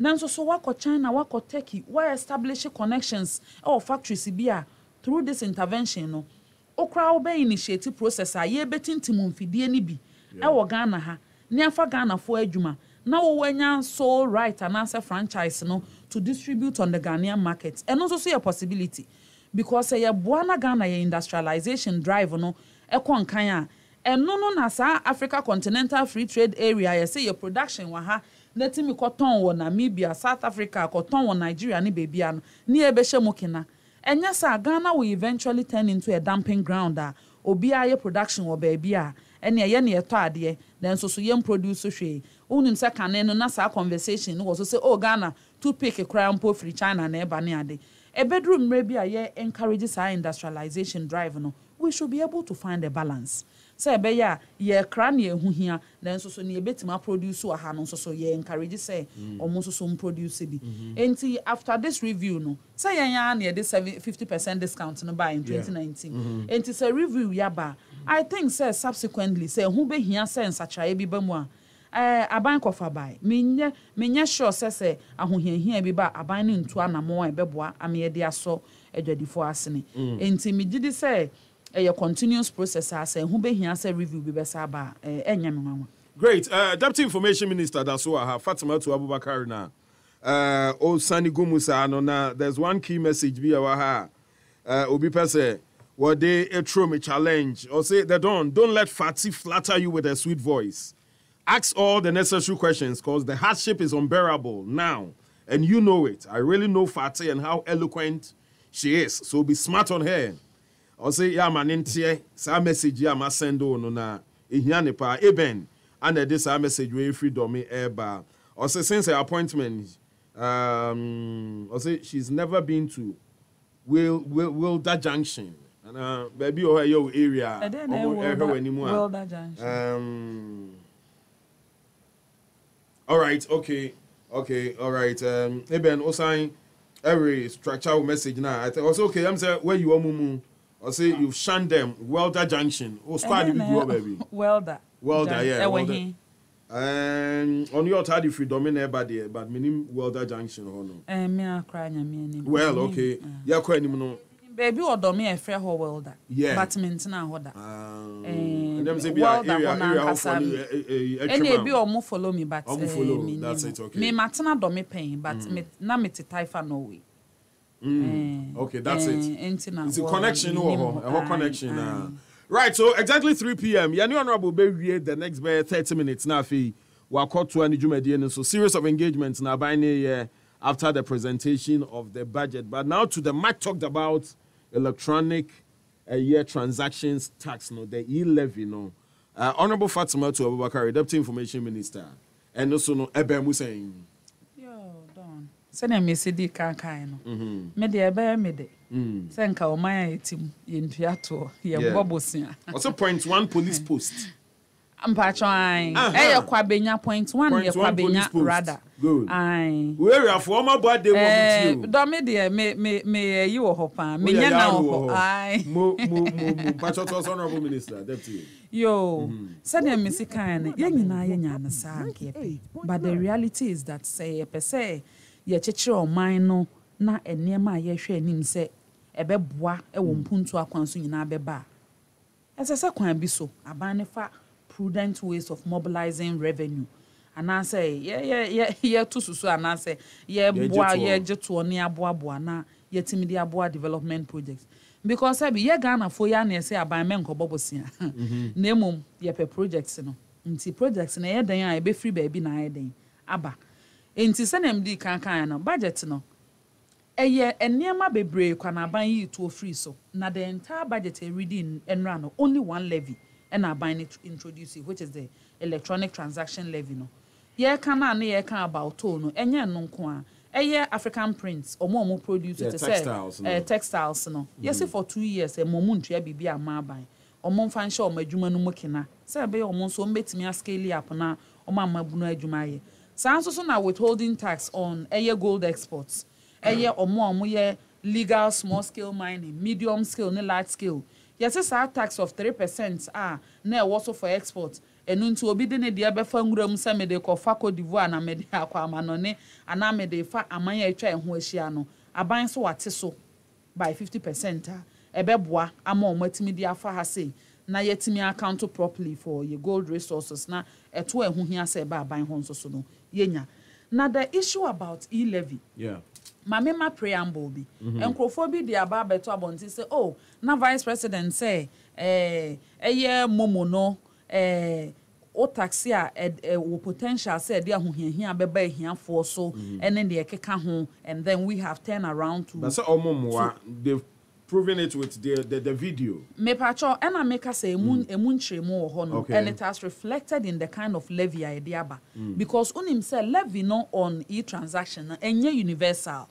nanso so wakɔ china wakɔ turkey wa establish connections ɛwɔ factories bi a through this intervention no okura wobɛ initiate process a yɛbɛtintim mfidie no bi ɛwɔ ghana ha ne afa ghanafoɔ adwuma na wɔwɔ anya sole right anaasɛ franchise no to distribute on the ghanaian market ɛno nso so yɛ possibility because ɛyɛ eh, boa na ghana yɛ eh, industrialization drive no ɛkɔ eh, nkan a ɛno no na saa africa continental free trade area yɛsɛ yɛ production wɔ ha na timi kɔtɔn wɔ namibia south africa kɔtɔn wɔ nigeria ne beebia no ne yɛbɛhyɛ mu kena ɛnyɛ saa ghana will eventually turn into a dumping ground a ah. obiara yɛ production wɔ baabi a ɛne ɛyɛ ne yɛtɔ adeɛ na nso so yɛn produce hwee wonim sɛ kane no na saa conversation no wɔ so sɛ o oh, ghana toothpick koraa mpo firi china na ɛba ne ade A bedroom maybe a year encourages our industrialization drive no we should be able to find a balance sɛ ɛbɛyɛ a yɛkra ne ɛho hia na nso so ne yɛbɛtumi aproduce wɔ ha no nso so yɛ encourage sɛ ɔmo mm. nso so mproduce bi mm-hmm. nti after this review no sɛ yɛn ara na yɛde seven fifty percent discount no baa in twenty nineteen mm-hmm. nti sɛ review yaba i think sɛ subsequently sɛ ɛho bɛhia sɛ nsakyerɛeɛ bi ba mu a ɛɛ eh, aban kɔfa ban menyɛ menyɛ sure sɛ sɛ ahohiahia bi ba aban ne ntu anamɔ a ɛbɛboa ameɛde asɔ adwadifoɔ asene mm. nti megye di sɛ ɛyɛ continuous process a sɛ ɛho bɛhia sɛ review bi bɛsa aba a eh, ɛnyɛ me nwanwa great uh, deputy information minister da so aha fatima to abubakar na uh, ɔsane gu mu saa no na there's one key message bi a wɔ ha a uh, obi pɛ sɛ wɔde aturo me challenge ɔse the don don't let fati flatter you with a sweet voice Ask all the necessary questions because the hardship is unbearable now. And you know it. I really know Fatih and how eloquent she is. So be smart on her. I say, yeah, man, intie. some message ya ma send on na. Uh, Ihia ne pa. Eben. And uh, this uh, message we freedom me eba. I'll say, since her appointment, um, I'll say, she's never been to Will, Will, Wilder Junction. And uh, baby, or oh, your area. I didn't oh, know oh, eh, Wilder Junction. Um, All right, okay okay all right. um, eben osan every structural message na i was okay I'm sɛ where you wɔ mu mu ɔsɛ ah. you shan them welder junction o oh, squad bi bi wɔ baby. Eh, welder welder yeah welder ɔno yɛ ɔtaa de firi dɔme na ɛba deɛ but menim welder junction hɔ oh, no ɛmea kora nyame anim well okay eh. yɛkɔ anim no baabi wɔ dɔme a eh, ɛfrɛ hɔ welder yeah but mentena hɔ da ah dem say bi a area area how eh, eh, eh, follow follow me but ɛɛ mi ni mi ma tena dɔ mi but mi mm. na mi ti taa ifa mm. okay, that's it. It's a connection, no, a whole connection. Ah. Ah. Right, so exactly 3 p.m. Yanni Honorable Baby, the next bear 30 minutes. Now, if we're caught to any Jumadian, so series of engagements now by near after the presentation of the budget. But now to the much talked about electronic year transactions tax no the e levy no uh, honourable fatima to abubakar deputy information minister and also no ɛbɛn mu sɛn. sɛnea mesi di kankan no mede ɛbɛyɛ mede sɛ nka ɔman a yɛtim yɛntua toɔ yɛmbɔ bosea ɔsɛ point one police post mpatsɔ anyi eh, ɛyɛ kwabenya point one yɛ kwabenya rada anyi. wíwé àfọ ọmọ bọ adé wọn mu ti o. dọ́mi deɛ mi mi mi yɛ wɔ hɔ paa mi na wɔ hɔ anyi. mo mo mo mo mpatsɔ tɔ honourable minister yo mm-hmm. sɛdeɛ misi kan no yɛn nyinaa yɛ nyaani saa nkeɛ pɛ but the reality is that sɛ yɛpɛ sɛ yɛkyekyere ɔman no na nneɛma a yɛhwɛ anim sɛ ɛbɛboa ɛwɔ mpuntu akwan so nyinaa bɛba a ɛsɛ sɛ kwan bi so aban ne fa prudent ways of mobilizing revenue anaasɛ yɛto susu anaasɛ yɛboa yɛgye toɔ ne aboaboa na yɛtumi de aboa development projects because ɛbi yɛ ghanafoɔ yɛ ana yɛsɛ aban mɛ nkɔbɔ bosia mhm. na mmom yɛpɛ projects no nti projects no ɛyɛ den a yɛbɛfiri baabi na ayɛ den aba nti sɛnea mdi kankan no budget no ɛyɛ nneɛma bebree kwanaban yi to firi so na the entire budget a yɛredi nnura no only one levy ɛna aban no introduce which is the electronic transaction levy no yɛreka no a ne yɛreka about toll no ɛnyɛ no nko a ɛyɛ african prints. ɔmo ɔmo produce te sɛ ɛɛ textiles no eh, yɛsi mm. for two years ɛmo eh, ɔmo ntua biribi ama aban ɔmo nfa nhyɛ ɔmo adwuma no mu kena sɛ ɛbɛyɛ ɔmo nso ɔmo betumi ascale up na ɔmo ama bunu adwuma ayɛ saa nso so na withholding tax on ɛyɛ gold exports ɛyɛ ɔmo a ɔmo yɛ legal small scale mining medium scale ne large scale yɛsɛ saa tax of three percent a na ɛwɔ so for export ɛnu nti obi de ne deɛ bɛfa nwura mu sɛ mede kɔfa cote divoire na mede akɔ amanɔne anaa mede fa aman a atwa ɛho ahyia no aban so wate so by fifty percent a ɛbɛboa ama wɔn atumi de afa ha sei na yɛtumi account properly for yɛ gold resources na ɛto ɛho hia sɛ ɛba aban ho nso so no yɛnya na the issue about e-levy yeah. maame ma preamble bi mm-hmm. nkurɔfoɔ bi de aba abɛto abɔnten sɛ oh na vice president sɛ eh, ɛyɛ eh, eh, momo no eh, o taxi a eh, wɔ potential sɛ ɛde ahohiahia bɛba ahiafoɔ so mm-hmm. ɛne mm -hmm. deɛ ɛkeka ho and then we have turn around to. na sɛ ɔmo mua they proving it with the the, the video. mepatcho ɛna meka sɛ emu mm. emu nkyerɛmu wɔ hɔ no and it has reflected in the kind of levy a diaba aba mm. because onim sɛ levy no on e transaction mm-hmm, no ɛnyɛ universal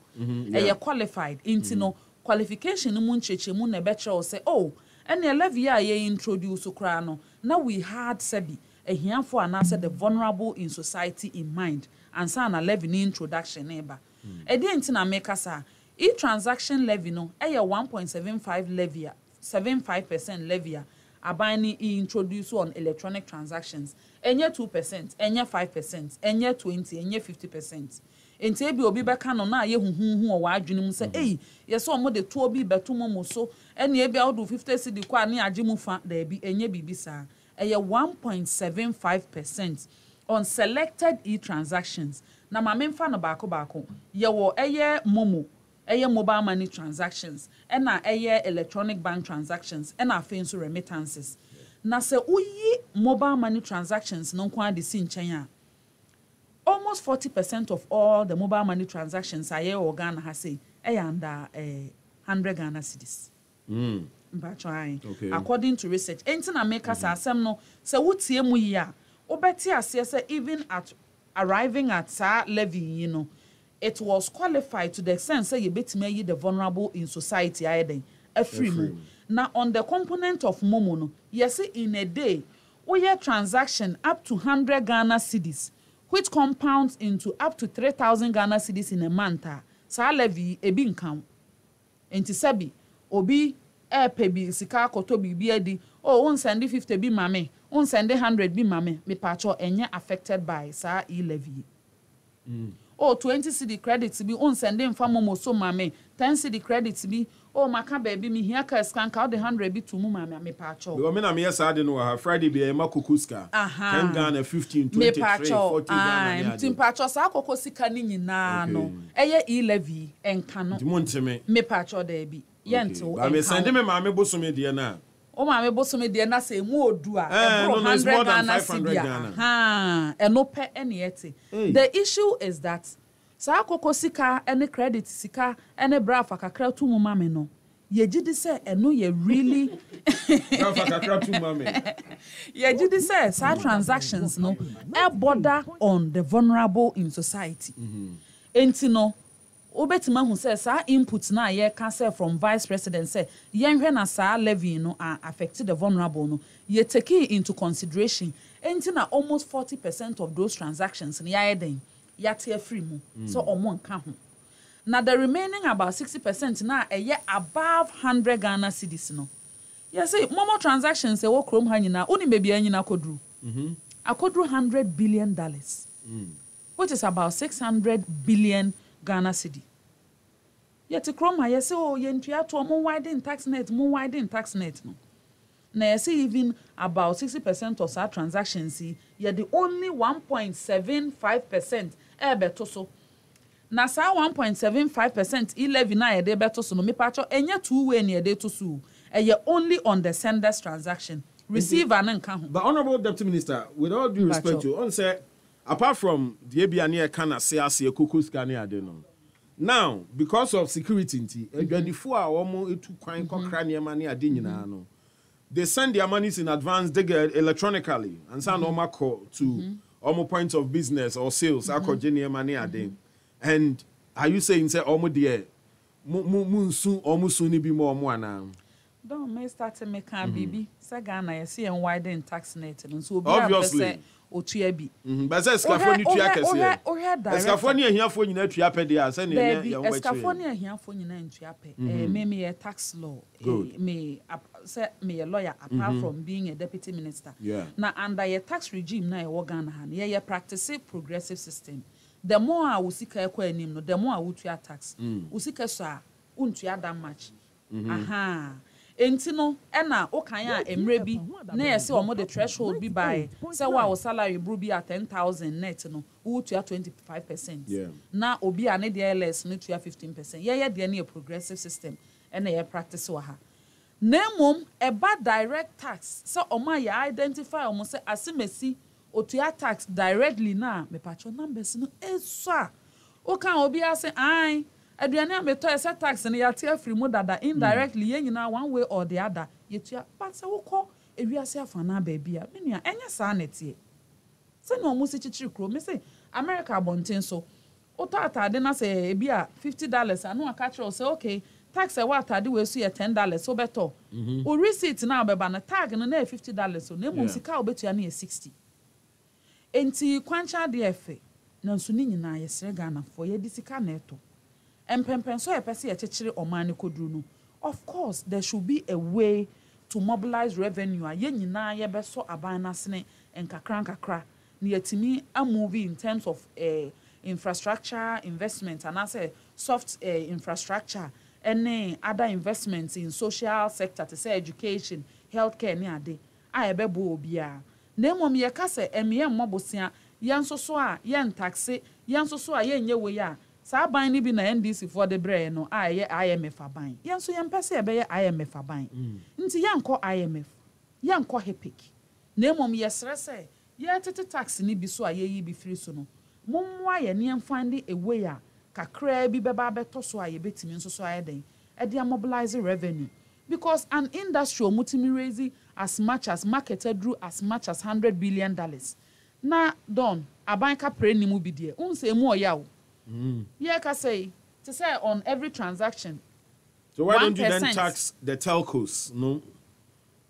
ɛyɛ qualified nti no qualification mu nkyerɛkyerɛmu na ɛbɛkyerɛw sɛ oh ɛna levy a ye introduce koraa now na we had sɛbi ehiafo anaasɛ the vulnerable in society in mind ansa na levy ni introduction ne ba ɛdeɛ mm. nti na meka saa e-transaction levy no ɛyɛ one point seven five levy a seven five percent levy a aban ni e-introduce on electronic transactions ɛnyɛ two percent ɛnyɛ five percent ɛnyɛ twenty ɛnyɛ fifty percent nti ebi obi bɛka no na ayɛ huhuhu wɔ w'adwene mu sɛ mm-hmm. eyi yɛsɛ ɔmo de tuo bi bɛto mo mo so ɛna ebi ahodoɔ fifty cedi kɔ a ne agye mu fa daabi ɛnyɛ biribi saa ɛyɛ one point seven five percent on selected e-transactions na maame nfa no baako baako yɛwɔ ɛyɛ momo ɛyɛ mobile money transactions ɛna ɛyɛ electronic bank transactions ɛna afei nso remittances na sɛ woyi mobile money transactions no nko ade si nkyɛn a almost forty percent of all the mobile money transactions a yɛ wɔ ghana ha sei ɛyɛ under ɛɛ eh, hundred ghana cedis. Mm. okay. according to research ɛnti na meka saa hmm. asɛm no sɛ wotie mu yi a wobɛte aseɛ sɛ even at arriving at saa levy yi you no know, it was qualified to the extent say you yɛbɛtumi ayi the vulnerable in society ayɛ den afiri mu na on the component of momo no yɛsi in a day we woyɛ transaction up to hundred ghana cedis which compounds into up to three thousand ghana cedis in a month a saa levy ebi nkan nti sɛbi obi ɛɛpɛ bi sika akɔtɔ biribi adi o oh, nsɛnde fifty bi ma mi nsɛnde hundred bi ma mi mipaatɔ ɛnyɛ affected by saa e levy. Mm o oh, twenty cd credit bi o oh, nsɛnde nfa mo mo so maame ten cd credit bi o oh, maka baabi mi hia ka sika nka o de hundred bi to mu maame a mepa akyɛw. bɛwɔ mi na mi yɛ saa de no wa ha friday bi yɛ ma koko sika. ten ghana fifteen twenty three forty ghana ni adi. mepa akyɛw saa koko sika ni nyinaa no ɛyɛ e-levy ɛnka no. nti mo ntumi. mepa akyɛw dɛɛbi yɛn ti o ɛnka o. baabi sɛnde mi maame bosomi deɛ naa o maame bosomi deɛ na sɛ emu odua ɛboro hundred ghana si bia ɛno pɛ ɛna ɛte the issue is that saa koko sika ɛne credit sika ɛne brafa kakra tu mu maame no yɛgye di sɛ ɛno yɛ really yɛgye di sɛ saa transactions no border on the vulnerable in society nti mm-hmm. no wobɛtumi ahu sɛ saa input no a yɛka sɛ from vice president sɛ yɛnhwɛ na saa levy no a affect the vulnerable no yɛtake into consideration ɛnti na almost forty percent of those transactions no yɛayɛ dɛn yɛate afiri mu hmm. sɛ ɔmo nka ho na the remaining about sixty percent no a ɛyɛ above hundred ghana cedis no yɛsɛ mɔmɔ transactions ɛwɔ kurom ha nyinaa wonim baabia nyina akɔduru mhm. akɔduru hundred billion dollars mm. which is about six hundred billion dollars ghana city yɛte kurom a yɛsɛ o oh, yɛntua toɔ mo widen tax net mo widen tax net no na yɛsɛ even about sixty percent of saa transactions yi yɛde only one point seven five percent ɛɛbɛto so na saa one point seven five percent eleven, levy na yɛde bɛto so no mipatsɔ ɛnyɛ two way na yɛde to so ɛyɛ only on the sender's transaction receiver ne nka ho. but honourable deputy minister with all due respect to you on say apart from the ebiani ani ɛka n'ase aseɛ koko sika ne ade no now because of security nti adwanifoɔ a wɔn etu kwan mhm. kɔkra nneɛma ne ade nyinaa no they send their money in advance dig electronically and send wɔn akɔ to mhm. wɔn point of business or sales mhm. akɔgye nneɛma ne ade and are you saying sɛ wɔn deɛ mu mu mu nsu wɔn sun ne bi mu wɔn anaa. don may start me kan bibi sɛ ghana yɛ si yɛn widen tax net nso obi a pɛ sɛ otua bi. Mhm, bɛ sɛ sikafoɔ ni tua kɛseɛ sikafoɔ ni ahiafoɔ nyinaa tua pɛ de a sɛ ne yɛ yɛn wɔ akyire. sikafoɔ ni ahiafoɔ nyinaa ntua pɛ. ɛɛ mi mi yɛ tax law. Eh, good mi sɛ mi yɛ lawyer apart mm -hmm. from being a deputy minister. Yeah. na under yɛ tax regime na yɛ wɔ ghana ha no yɛ yɛ practice progressive system the more a wo sika ɛkɔ anim no the more a wotua tax. Mm. wo sika sɔ a wontua that much. Mm -hmm. Aha nti no ɛna wokan a mmerɛ bi na yɛsɛ wɔn de threshold bi baeɛ sɛ wo a wo salary buru bi a ten thousand net no wotua twenty five percent na obi a ne deɛ less no tua fifteen percent yɛyɛ deɛ no yɛ progressive system ɛna yɛ practice wɔ ha na mmom ɛba e direct tax sɛ wɔn a yɛ identify wɔn sɛ asemesi otua tax directly na mepatwɛ numbers no esu a wokan obi ase an aduane a metɔ ɛsɛ tax no yɛate afiri mu dada hmm. indirectly yɛn nyinaa one way or the other yɛtua but sɛ wokɔ ewiase afanaa baabi a me nua ɛnyɛ saa na ɛteɛ sɛnea ɔmo si kyikyiri kuro me se america abɔnten so wotɔ ataade na sɛ ebi a fifty dollars ano aka kyerɛ sɛ okay tax ɛwɔ ataade wɔ esu yɛ ten dollars wobɛtɔ mhm. o receipt na abɛba no tag no na yɛ fifty dollars so na emu sika a obetua no yɛ sixty nti kwankyɛn adeɛ ɛfɛ e, nanso ne nyinaa yɛsrɛ ghana fo yɛde sika na ɛtɔ mpɛmpɛnso a yɛpɛ sɛ yɛkyekyere ɔman no koduro no of course there should be a way to mobilize revenue a yɛn nyinaa yɛbɛsɔ aban n'asene nkakra nkakra na yɛtumi amovi in terms of uh, infrastructure investment anaasɛ soft uh, infrastructure ɛne other investments in social sector te sɛ education healthcare ne ade a yɛbɛbɔ obiara na mmom yɛka sɛ ɛmi yɛn mmɔbosea yɛn nso so a yɛn ntakse yɛn nso so a yɛn nyɛ wei a saa ban no bi na ndc foɔ de brɛɛ no a ɛyɛ imf aban yɛn nso yɛmpɛ sɛ yɛbɛyɛ imf aban mm. nti yɛnkɔ imf yɛnkɔ hepic na mmom yɛsrɛ sɛ yɛtete tax no bi so a yɛyi bi firi so no mommoa yɛ nneɛmfa de ewei a kakraa bi bɛba abɛtɔ so a yɛbɛtumi nso so ayɛ den ɛde mobilize revenue because an industry omutumi raise as much as market drew as much as hundred billion dollars na don aban kapere ne mu bi deɛ n sɛ emu ɔyaw. Mm. yɛka sɛ yi te sɛ on every transaction so why don't you then tax the telcos no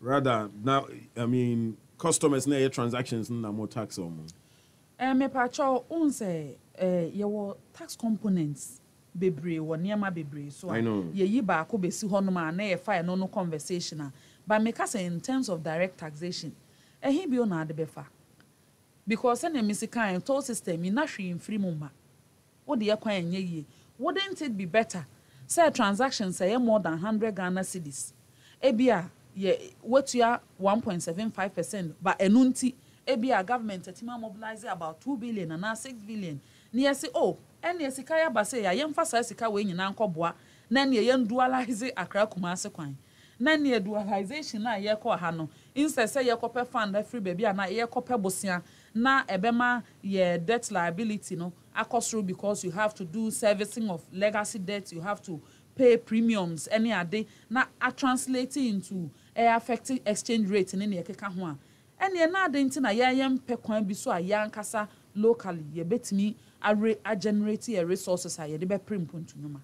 rather now i mean customers na yɛ transactions na more tax on wɔn. Eh, mepatwa ohun sɛ eh, yɛwɔ tax components bebree wɔ nneɛma bebree so a yɛyi baako bɛsi hɔnom a na yɛfa ɛno no conversation a but meka sɛ in terms of direct taxation ɛhin bi o na ade bɛfa because sɛnea mesi kan toll system yi na hwee mfiri mu ma wode yɛ kwan ɛnyɛ yie wouldn't it be better sɛ transactions ɛyɛ more than hundred ghana cedis ebi a yɛ watua one point seven five percent ba ɛnu nti ebi a government ɛtima mobilize about two billion anaa six billion ne yɛ si o oh, ɛna esika yɛ aba sɛ yɛ ayɛ nfa saa sika wei nyinaa nkɔboa na ne yɛ ndualize akra kumase kwan na ne yɛ dualization a yɛkɔ ha no nsɛ sɛ yɛkɔpɛ fund afiri baabi a na yɛkɔpɛ bosia na ɛbɛma yɛ debt liability no rule because you have to do servicing of legacy debt you have to pay premiums ɛne ade na atranslate into ɛyɛ affecting exchange rate ne nea ɛkeka ho a ɛneɛ na ade nti na yɛayɛ mpɛ kwan bi so a yɛankasa locally yɛbɛtumi are agenerate yɛ resources a yɛde bɛpere mpontunwoma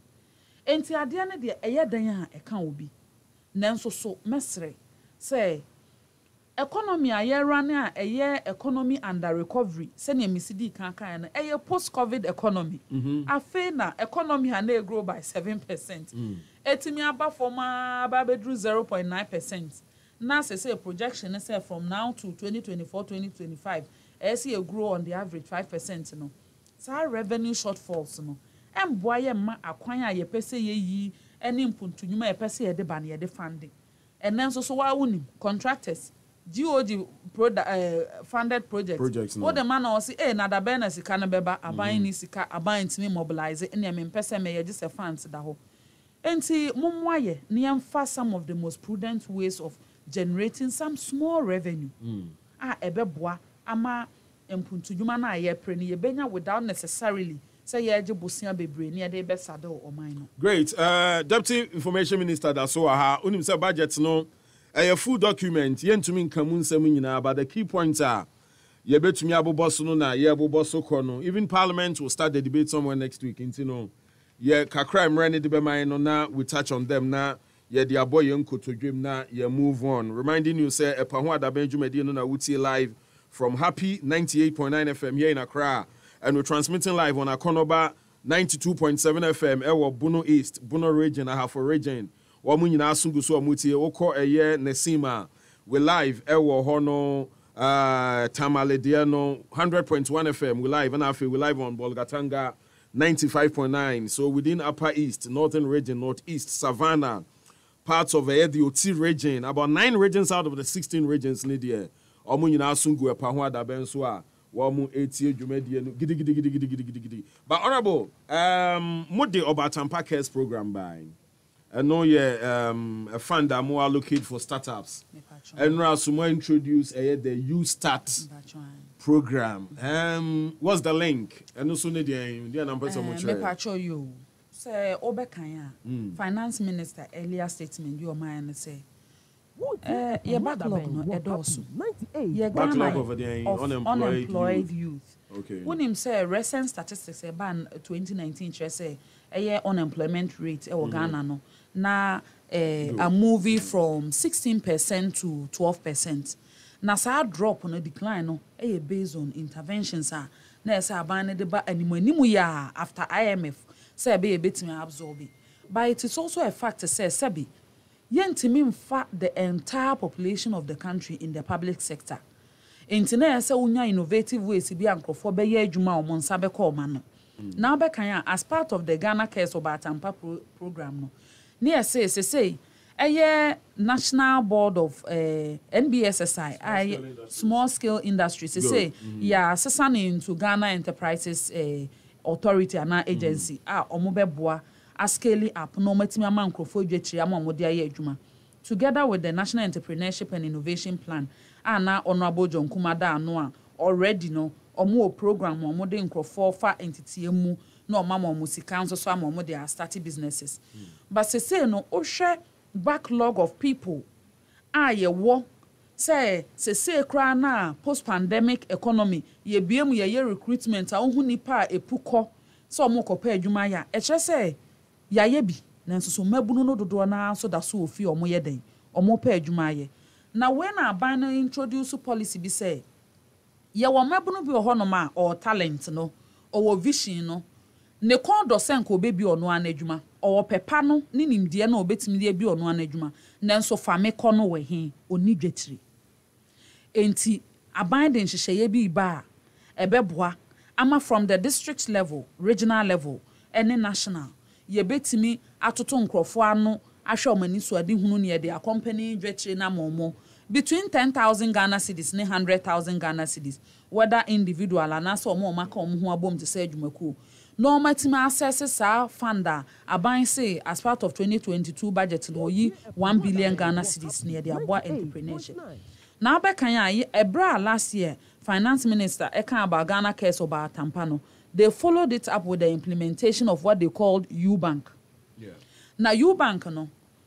nti adeɛ no deɛ ɛyɛ e dan a ɛka e obi nanso so mɛsrɛ sɛ economy a yɛrane a ɛyɛ economy under recovery sɛnea mesi dii kankan no ɛyɛ post covid economy mm -hmm. afei na economy a ne grow by seven percent ɛtumi mm. aba fam a aba abɛduru zero point nine percent na sɛsɛ projection ne sɛ from now to twenty twenty four twenty twenty five ɛyɛ sɛ ɛgrow on the average five percent no saa revenue shortfalls no ɛmboa yɛ mma akwan a yɛpɛ sɛ yɛyi ne mpontunwuma a yɛpɛ sɛ yɛde ba no yɛde funding ɛnɛ nso so waa wunim contractors god product uh, eh, funded project project no wọ́n na ọ̀sẹ̀ ẹ̀ nàdà bẹ́ẹ̀ na sika no bẹ́ẹ̀ ba aban mm. ni sika aban ti mi mobilize ẹ̀ ní ẹ̀mí mpẹ́ sẹ́ mi fans da hɔ nti mumu ayɛ ní yɛn fa some of the most prudent ways of generating some small revenue mm. a ɛbɛ boa ama mpuntudwuma no a yɛpere no yɛbɛnya without necessarily sɛ yɛagye bosea bebree ne yɛde bɛsa de ɔman no. great uh, deputy information minister da so wɔ ha onim sɛ budget no ɛyɛ full document yɛntumi nka mu nsɛm nyinaa but the key point a yɛbɛtumi abobɔ so no na yɛbobɔ so kɔ no even parliament will start the debate somewhere next week nti no yɛ kakra mmerɛ ne de bɛman no na we touch on them na yɛde abɔ yɛn nkotodwam na yɛ move on reminding you sɛ ɛpa ho adaban dwumadie no na wotie live from happy 98.9 fm here in accra and we're transmitting live on akonoba 92.7 fm ɛwɔ bono east bono region ahafo region wɔn nyinaa so gu so wɔn tie wɔkɔ ɛyɛ nasima we live ɛwɔ hɔ no uh, tamaledeɛ no hundred point one fm we live ɛna afei we live on bolgatanga ninety five point nine so within upper east northern region north east savannah parts of ɛyɛ the oti region about nine regions out of the sixteen regions ne deɛ wɔn nyinaa so gu ɛpa ho adabɛ nso a wɔn etie dwumadie no gidigidigidigidigidi but honourable um, mo de ɔbatampa cares program by ɛno yɛ um, a fund a mo allocate for startups ɛnura so mo introduce ɛyɛ the u start program um, what's the link ɛno so ne deɛ deɛ na mpɛ sɛ mo kyerɛ. Eh, mepatwɛ yi sɛ ɔbɛkan a hmm. finance minister earlier statement yi ɔmo ayɛ no sɛ eh, yɛ backlog no ɛdɔɔso yɛ ghana uh, of unemployed youth wonim sɛ recent statistics ɛbaa 2019 kyerɛ sɛ ɛyɛ unemployment rate ɛwɔ mhm. ghana no. Mm -hmm na eh, a movie from 16% to 12% na saa drop no decline no ɛyɛ based on interventions a na ɛsɛ aban no de ba animanimu yɛ a after imf sɛ ɛbɛyɛ ɛbɛtumi absorb it but it is also a fact sɛ sɛbi yɛntumi nfa the entire population of the country in the public sector nti na ɛsɛ wonya innovative ways bi a nkurɔfoɔ bɛyɛ adwuma a wɔn nsa bɛkɔ ɔma no na wobɛkan a as part of the ghana cares obatampa pro program no ne yɛ se sesei ɛyɛ national board of uh, eh, nbssi a small scale industry sesei yɛ asesa ne into ghana enterprises uh, authority anaa mm-hmm. agency a wɔn bɛboa ascale up na wɔn atumi ama nkurɔfoɔ dwa akyire ama wɔn de ayɛ adwuma together with the national entrepreneurship and innovation plan a na honourable john kumada ano a already no wɔn wɔ program wɔn de nkurɔfoɔ fa ntetea mu na ɔma ma ɔmo sika nso so ama ɔmo de astarte businesses mm. but sese no backlog of people a yɛwɔ sɛ sese koraa na post pandemic economy yɛbue mu yɛyɛ recruitment a wohu nipa a epu kɔ sɛ ɔmo kɔpɛ adwuma yɛ a ɛkyerɛ sɛ yɛayɛ bi nanso so mmabunu no dodoɔ naa nso da so ofi ɔmo yɛ den ɔmo pɛ adwuma yɛ na wei na aban no introduce policy bi sɛ yɛwɔ mmabunu bi wɔ hɔnom a ɔwɔ talent no ɔwɔ vision no ne kɔn dɔ sɛ nka obɛbi ɔno ano adwuma ɔwɔ pɛpa no ne nimdeɛ no a obɛtumi de abi ɔno ano adwuma nanso fame kɔ no wɔ he ɔni dwatiri enti aban de nhyehyɛeɛ bi ba a ɛbɛboa ama from the district level regional level ɛne national yɛbɛtumi atoto nkurɔfoɔ ano ahwɛ ɔmo ani so ade hunu ne yɛde akɔmpani dwatiri na ma between ten thousand ghana cities ne hundred thousand ghana cities whether individual anaasɛ ɔmo ɔmo aka ɔmo ho abom te sɛ adwumakuo na wɔn atumi asɛse saa fund a aban as part of 2022 budget na wɔyi 1 billion ghana cedis na yɛde aboa entrepreneurship na abɛkan a ɛbrɛ a last year finance minister ɛka about ghana cares ɔbaa tampa no they followed it up with the implementation of what they called ubank yeah. na ubank no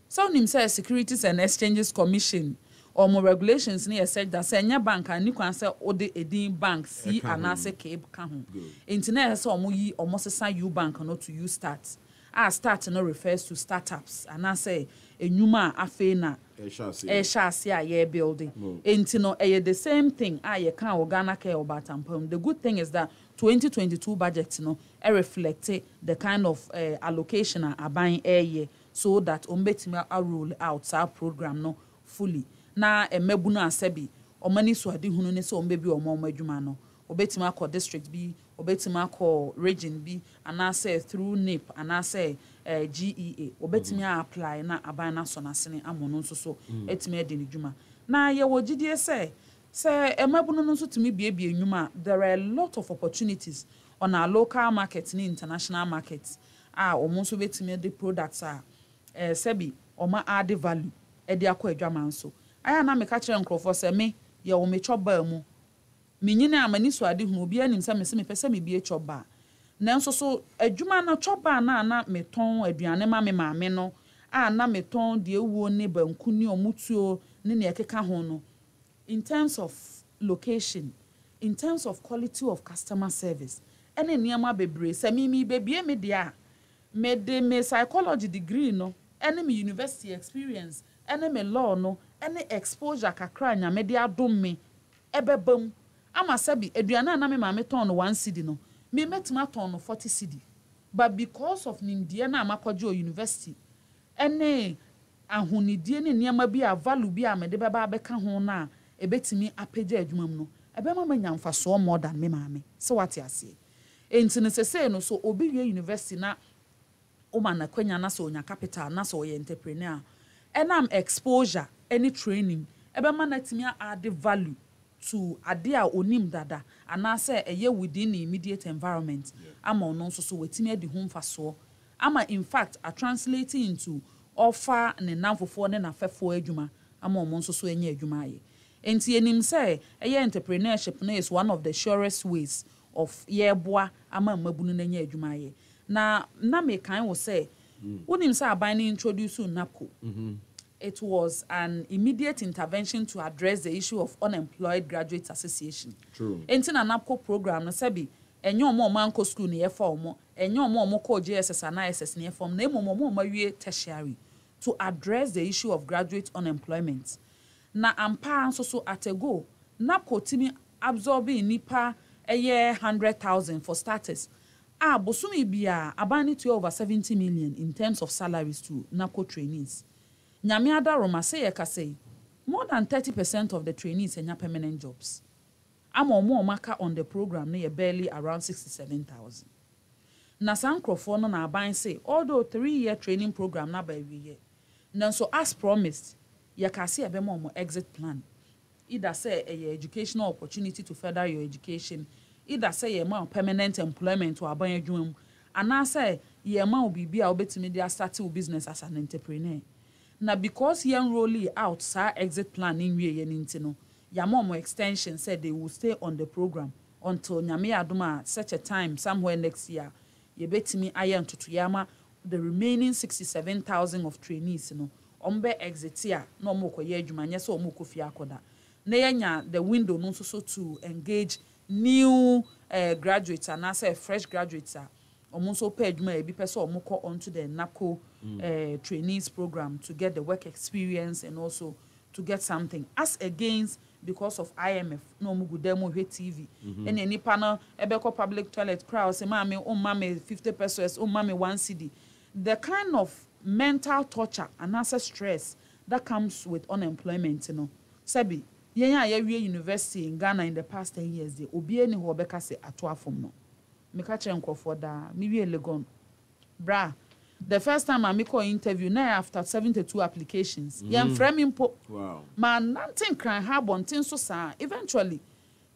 sɛ so, onim sɛ securities and exchanges commission ɔmo regulations ni yɛ da sɛ ɛnyɛ bank a ni kwan sɛ ɔde edin bank si anaasɛ cape ka ho nti na yɛ sɛ ɔmo yi ɔmo sisa u bank no to u start a start no refers to startups anaasɛ enyuma a afei na ɛhyɛ ase a yɛ building nti no ɛyɛ the same thing a yɛ kan wɔ ghana kɛ wɔ baatampam the good thing is that 2022 budget no e reflect the kind of uh, allocation a aban ɛɛyɛ so that ɔmo betumi a roll out saa program no fully. na mmɛbu no asɛ bi ɔma ne suadehunu ne sɛ ɔm bɛbi ɔma ɔma adwuma no ɔbɛtumi akɔ district bi ɔbɛtumi akɔ region bi anaasɛ through nip anaasɛ eh, gea ɔbɛtumi mm. apply na aban no asɔ n'asene ama no nso so ɛtumi mm. adi ne na ya gyidie sɛ sɛ mmabunu no nso tumi biebie nnwuma there are a lot of opportunities on our local market na international market a ọmụ nso bɛtumi de products a eh, sɛbi wɔn add value ɛde akọ edwuma nso ayɛ na meka kyerɛ nkurɔfoɔ sɛ me yɛwɔ metwɔ baa mu menyini a m'ani so ade hunu obiara nim sɛ mese mepɛ sɛ mebie twɔ baa nanso so adwuma no twɔ baa no a na metɔn aduane ma me maame no a na metɔn deɛ ewuo ne banku ne ɔmutuo ne nea ɛkeka ho no in terms of location in terms of quality of customer service ɛne nneɛma bebree sɛ mimi bebie me deɛ a mede me psychology degree no ɛne me university experience ɛne me law no ne exposure kakra nyamede adom me ɛbɛba mu ama sɛbi aduane a na me maame tɔn no one cedi no me mɛtumi atɔn no forty cedi but because of nimdeɛ na amakɔgye o university ɛne ahonidie ne nneɛma bi a value bi a mɛde bɛba abɛka ho na a ebɛtumi apagya adwuma mu no ɛbɛma ma nya mfasoɔ more than me maame sɛ wate aseɛ nti no sesei no so obi wie university na ɔma n'akwanya na sɛ ɔnya capital na sɛ ɔyɛ entrepreneur a ɛnam exposure ɛne training ɛbɛma n'atumi aade value to ade a onim dada anaasɛ ɛyɛ within the immediate environment ama ɔno nso so watumi adi ho mfasoɔ ama in fact atranslate into ɔfa ne nanfofoɔ ne n'afɛfoɔ adwuma ama ɔmo nso so anya adwuma ayɛ nti enim sɛ ɛyɛ entrepreneurship no is one of the surest ways of yɛreboa ama mmabunu n'anya adwuma ayɛ na na mekan wɔ sɛ wonim sɛ aban no introduce napo mm-hmm. it was an immediate intervention to address the issue of unemployed graduates association ɛnti na Nako program no sɛbi ɛnyɛ ɔmo ɔmo ankɔ school ne yɛfa ɔmo ɛnyɛ ɔmo ɔmo kɔɔ jss anaa ss ne yɛfa ɔmo na emu ɔmo ɔmo awie tertiary to address the issue of graduate unemployment na ampa nso so atego napo timi absorbing nipa ɛyɛ hundred thousand for starters. Ah, Bosumi bia aban ne tuo over seventy million in terms of salaries to nako trainees nyame adaroma sɛ yɛ kasa more than thirty percent of the trainees ɛnya permanent jobs ama ɔmo ɔmo aka on the program no yɛ barely around sixty seven thousand na saa nkurɔfoɔ no na aban sɛ although three year training program na baawi yɛ nanso as promised yɛ kasa yɛ bɛma ɔmo exit plan either sɛ ɛyɛ educational opportunity to further your education either sɛ yɛn ma wo permanent employment wɔ aban adwuma mu anaasɛ yɛn ma wo biribi a wobɛtumi de asate wo business as an entrepreneur na because yɛn rolling out saa exit plan ne nwie yɛn nti no yàmú ọmọ extension sɛ they will stay on the program until nyame adum a such a time somewhere next year yɛbɛtumi ayɛ ntutu yɛ the remaining sixty seven thousand of trainees no wɔn bɛ exit a na wɔn kɔ yɛ adwuma nyɛ sɛ wɔn kɔ fie akɔda na yɛnya the window no nso so to engage new uh, graduate anaasɛ fresh graduate a wɔn nso pɛ adwuma yɛ bi pɛ sɛ wɔn kɔ onto the NAPCO mm. uh, trainees program to get the work experience and also to get something as against because of imf na ọmụ gudan mu hwẹ tv mm-hmm. ẹna nipa no ẹbẹkọ public toilet kora ọsẹ maami o maami fifty pesos o maami one cd the kind of mental torture and as a stress that comes with unemployment you know, sẹbi yɛn a yɛwie university in ghana in the past ten years deɛ obiara ni hɔ ɔbɛka sɛ ato afam no meka kyerɛ nkurɔfoɔ daa mewie legon bra the first time a mekɔ interview na after seventy two applications mm. yɛmfrɛ me mpo wow. maanante nkran ha abɔnten so saa eventually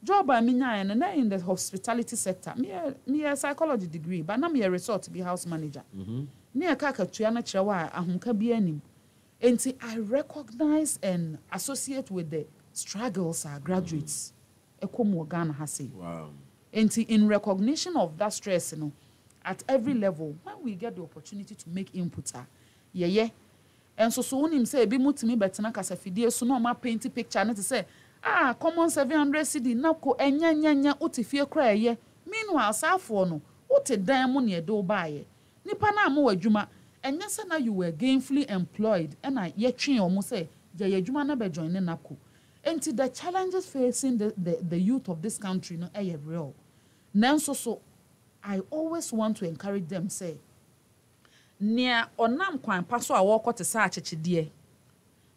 job a menyaeɛ no na in the hospitality sector meyɛ meyɛ psychology degree but na meyɛ resort bi house manager mm -hmm. ne yɛ ka akatua no kyerɛ wɔ a bi anim nti i recognize and associate with the struggles our graduates ɛkɔ mu wɔ ghana ha sei nti in recognition of that stress you know, at every level when we get the opportunity to make input ah, yeah, yeah. And so wonim sɛ ebi mu tumi betina kasafidie so na ɔma paint picture no te sɛ ah common seven hundred cd na ko ɛnyɛnyɛnyɛ eh, wote fie kora ɛyɛ eh, meanwhile saafoɔ no wote dan mu ne ɛde wobaayɛ eh. nipa naa mo wɔ adwuma ɛnyɛ sɛ na you were gainfully employed ɛna yɛtwee ɔmo sɛ gya yɛ adwuma na be join ne nako nti the challenges facing the, the, the youth of this country no ɛyɛ eh, real nanso so i always want to encourage them say nea ɔnam kwan pa so a wɔrekɔ te sɛ akyekyedeɛ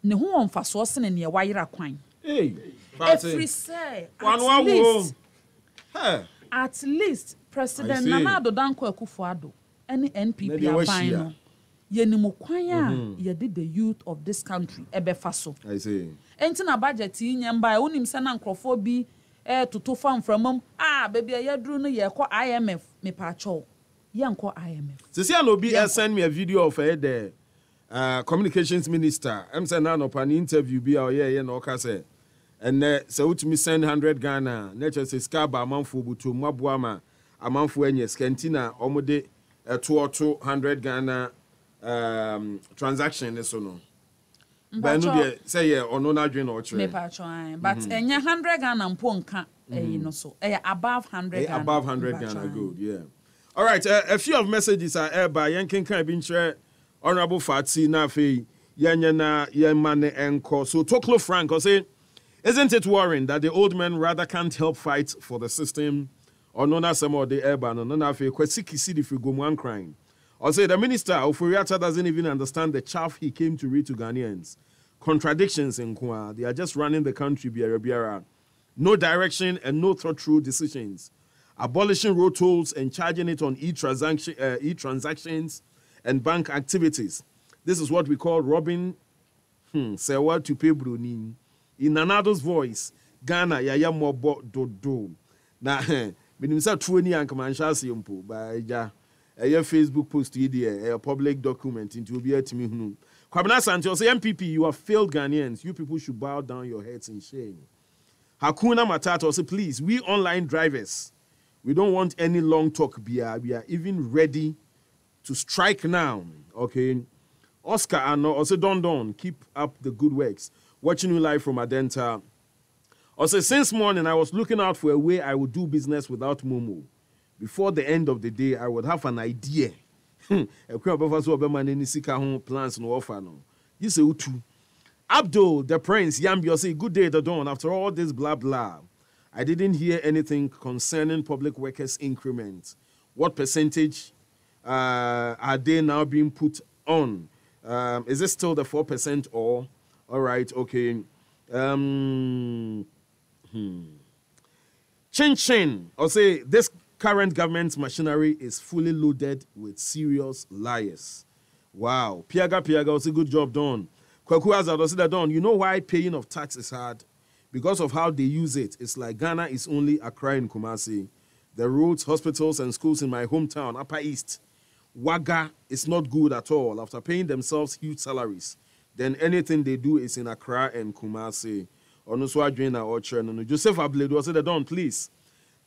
ne ho wɔ mfasoɔ sene nea wayera kwan ɛfiri eh, sɛ at least at least president nana adodankɔ akufo ado ɛne npp aban no yɛnim kwan a mhm. yɛde the youth of this country ɛbɛfa so ɛnti na budget yi nyɛ mba wonim sɛ na nkurɔfoɔ bi ɛɛtoto fa mframa mu a baabi a yɛduru no yɛkɔ imf mepaakyɛw yɛnkɔ imf sisi a na obi send me a video of ɛyɛ the communications minister ɛm sɛ na anɔpa ne interview bi a ɔyɛɛyɛ na ɔka sɛ ɛnɛ sɛ wotumi send 100 ghana na kyerɛ sɛ sika aba amanfoɔ botom mu aboa ma amanfoɔ anya sika nti na ɔmode ɛtoɔ 100 ghana um, transaction ne so no baanu deɛ sɛ yɛ ɔno n'adwene na ɔkyerɛ mepatwɔ an but ɛnyɛ mm-hmm. hundred ghana mpo nka ɛyi mm-hmm. no so ɛyɛ above hundred ghana above hundred ghana good yeah all right uh, a few of messages a ɛreba yɛn kenkan bi nkyerɛ honourable fati na afei yɛnyɛ na yɛnma ne nkɔ so toklo frank ɔsɛ isn't it worrying that the old men rather can't help fight for the system ɔno n'asɛm ɔde ɛreba no na afei kwasi kisi de firi gomu ankran. Also, the minister, Ofuriata, doesn't even understand the chaff he came to read to Ghanaians. Contradictions in Kwa. They are just running the country, Biara Biara. No direction and no thought through decisions. Abolishing road tolls and charging it on e uh, e-transactions and bank activities. This is what we call robbing hmm, to pay Brunin. In another's voice, Ghana, Yaya Mobo Dodo. Now, meaning, sir, Tuni and Kamanshasi Mpo, by ɛyɛ facebook post yi deɛ ɛyɛ public document nti obi atumi hunu kwabena asante ɔsɛ MPP, you are failed ghanaians you people should bow down your heads in shame hakuna matata ɔsɛ please we online drivers we don't want any long talk bia we are even ready to strike now okay oscar ano ɔsɛ don don keep up the good works watching you live from adenta ɔsɛ since morning i was looking out for a way i would do business without momo. before the end of the day i would have an idea ɛkura hmm. ɔbɛfa so ɔbɛma n'ani sika ho plans no ɔfa no yi sɛ abdul the prince yambio say good day the dawn after all this blah blah i didn't hear anything concerning public workers increment what percentage uh, are they now being put on um, is it still the 4% or all right okay um hmm. chin chin or say this current government machinery is fully loaded with serious liars. Wow. Piaga Piaga was a good job done. Kwaku Azadosida done. You know why paying of tax is hard? Because of how they use it. It's like Ghana is only a cry in Kumasi. The roads, hospitals, and schools in my hometown, Upper East, Waga, is not good at all. After paying themselves huge salaries, then anything they do is in Accra and Kumasi. Onuswa Joseph Abledo, I it done, please.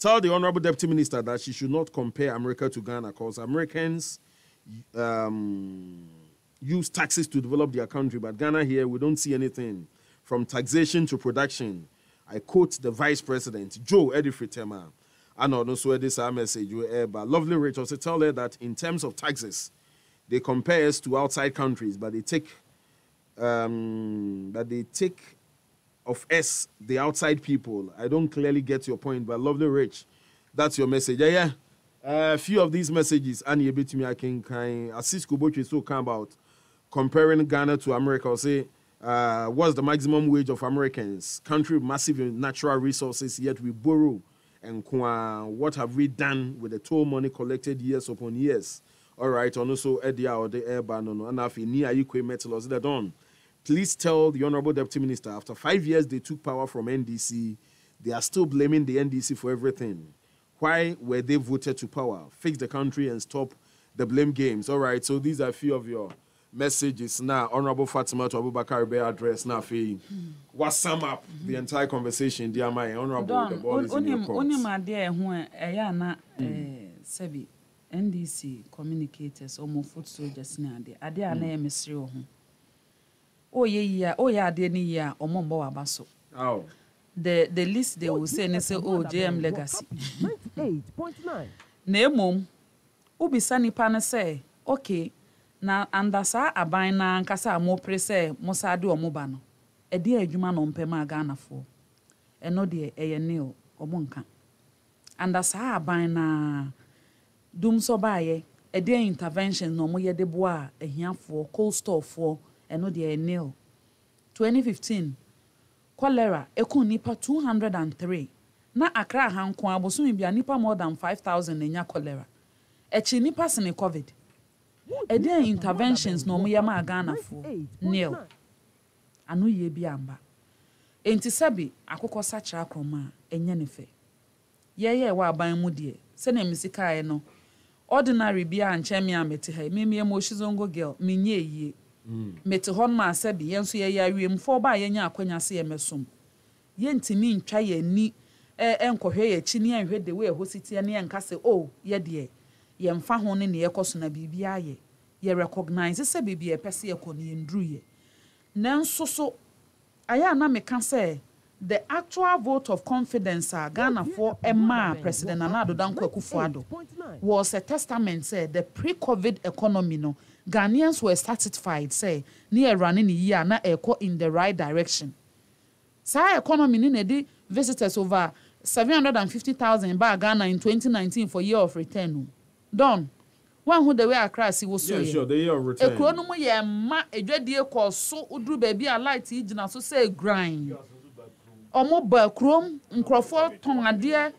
Tell the Honorable Deputy Minister that she should not compare America to Ghana because Americans um, use taxes to develop their country, but Ghana here, we don't see anything from taxation to production. I quote the Vice President, Joe Edifritema, and also this our message, eh, but lovely Rachel, to tell her that in terms of taxes, they compare us to outside countries, but they take um, but they take of us, the outside people. I don't clearly get your point, but lovely Rich, that's your message. Yeah, yeah. A uh, few of these messages, and you bit me, I can kind assist Kubochi so come about comparing Ghana to America. I'll say, uh, what's the maximum wage of Americans? Country massive in natural resources, yet we borrow. And what have we done with the toll money collected years upon years? All right, and also Edia or the air ban, and I've near you, Metal, or the Don. Please tell the Honorable Deputy Minister, after five years they took power from NDC, they are still blaming the NDC for everything. Why were they voted to power? Fix the country and stop the blame games. All right, so these are a few of your messages now. Honorable Fatima to Abubakar Bey address now. Fee, what sum up the entire conversation, dear my Honorable? Don, the ball is on, in your court. Only my dear, when Ayana e, eh, Sebi NDC communicators omo more foot soldiers Ade the Adia Name is real. oyɛ yi a oyɛ adeɛ no yie a ɔmo mbɔ waba so the the list they will say oh, ne sɛ jm legacy na emom wobisa nipa no sɛ okay na anda aban na ankasa a mopere sɛ mo saa no ɛdeɛ e adwuma na ɔmpɛ ma ghanafoɔ ɛno e deɛ ɛyɛ e nil ɔmo nka anda saa aban na dum sɔ baayɛ ɛdeɛ intervention na ɔmo yɛ de boa ahiafoɔ cold storefoɔ. ɛno deɛ ɛnil 2015 cholera ɛkum nnipa 203 na akra ahanko abosom bia nnipa more than 5000 na ɛnya cholera akyi nnipa sene covid ɛdeɛn interventions na ɔmoyɛ nil ano yie bi sɛbi akokɔ sakyera a ɛnyɛ ne fɛ yɛyɛ wɔ aban mu deɛ sɛnea me sikaeɛ no ordinary bi a nkyɛn me a ha girl nye yie Mm. mete hɔ nom a sɛbi yɛn nso yɛyɛ awiemfoɔ ba a yɛnya akwanya se yɛ mɛsom yɛntumi ntwa yɛn ani ɛnkɔhwɛ e, e yɛn akyi ne yɛnhwɛ de wo yɛ hɔ sitiɛ ne yɛnka sɛ o yɛdeɛ yɛmfa ho ne ne yɛkɔ so na biribi ayɛ yɛ recognize sɛ biribi yɛpɛ sɛ yɛkɔ ne yɛnduru yɛ nanso so ayɛ a na meka sɛ the actual vote of confidence a ghanafoɔ ɛmaa e president nana adodankɔ akufo ado was a testament sɛ the pre-covid economy no Ghanaians were satisfied say, ne ɛwura ne ne yie a na ɛkɔ in the right direction saa economy ne na ɛde visitors over seven hundred and fifty thousand baa Ghana in twenty nineteen for year of return o don wọn ho the way Accra si wo so yɛ ekuro no mu yɛ mma edwadie kɔ so oduru baabi a light yi gyina so sɛ egran ɔmo ba kurom nkurɔfoɔ tɔn adeɛ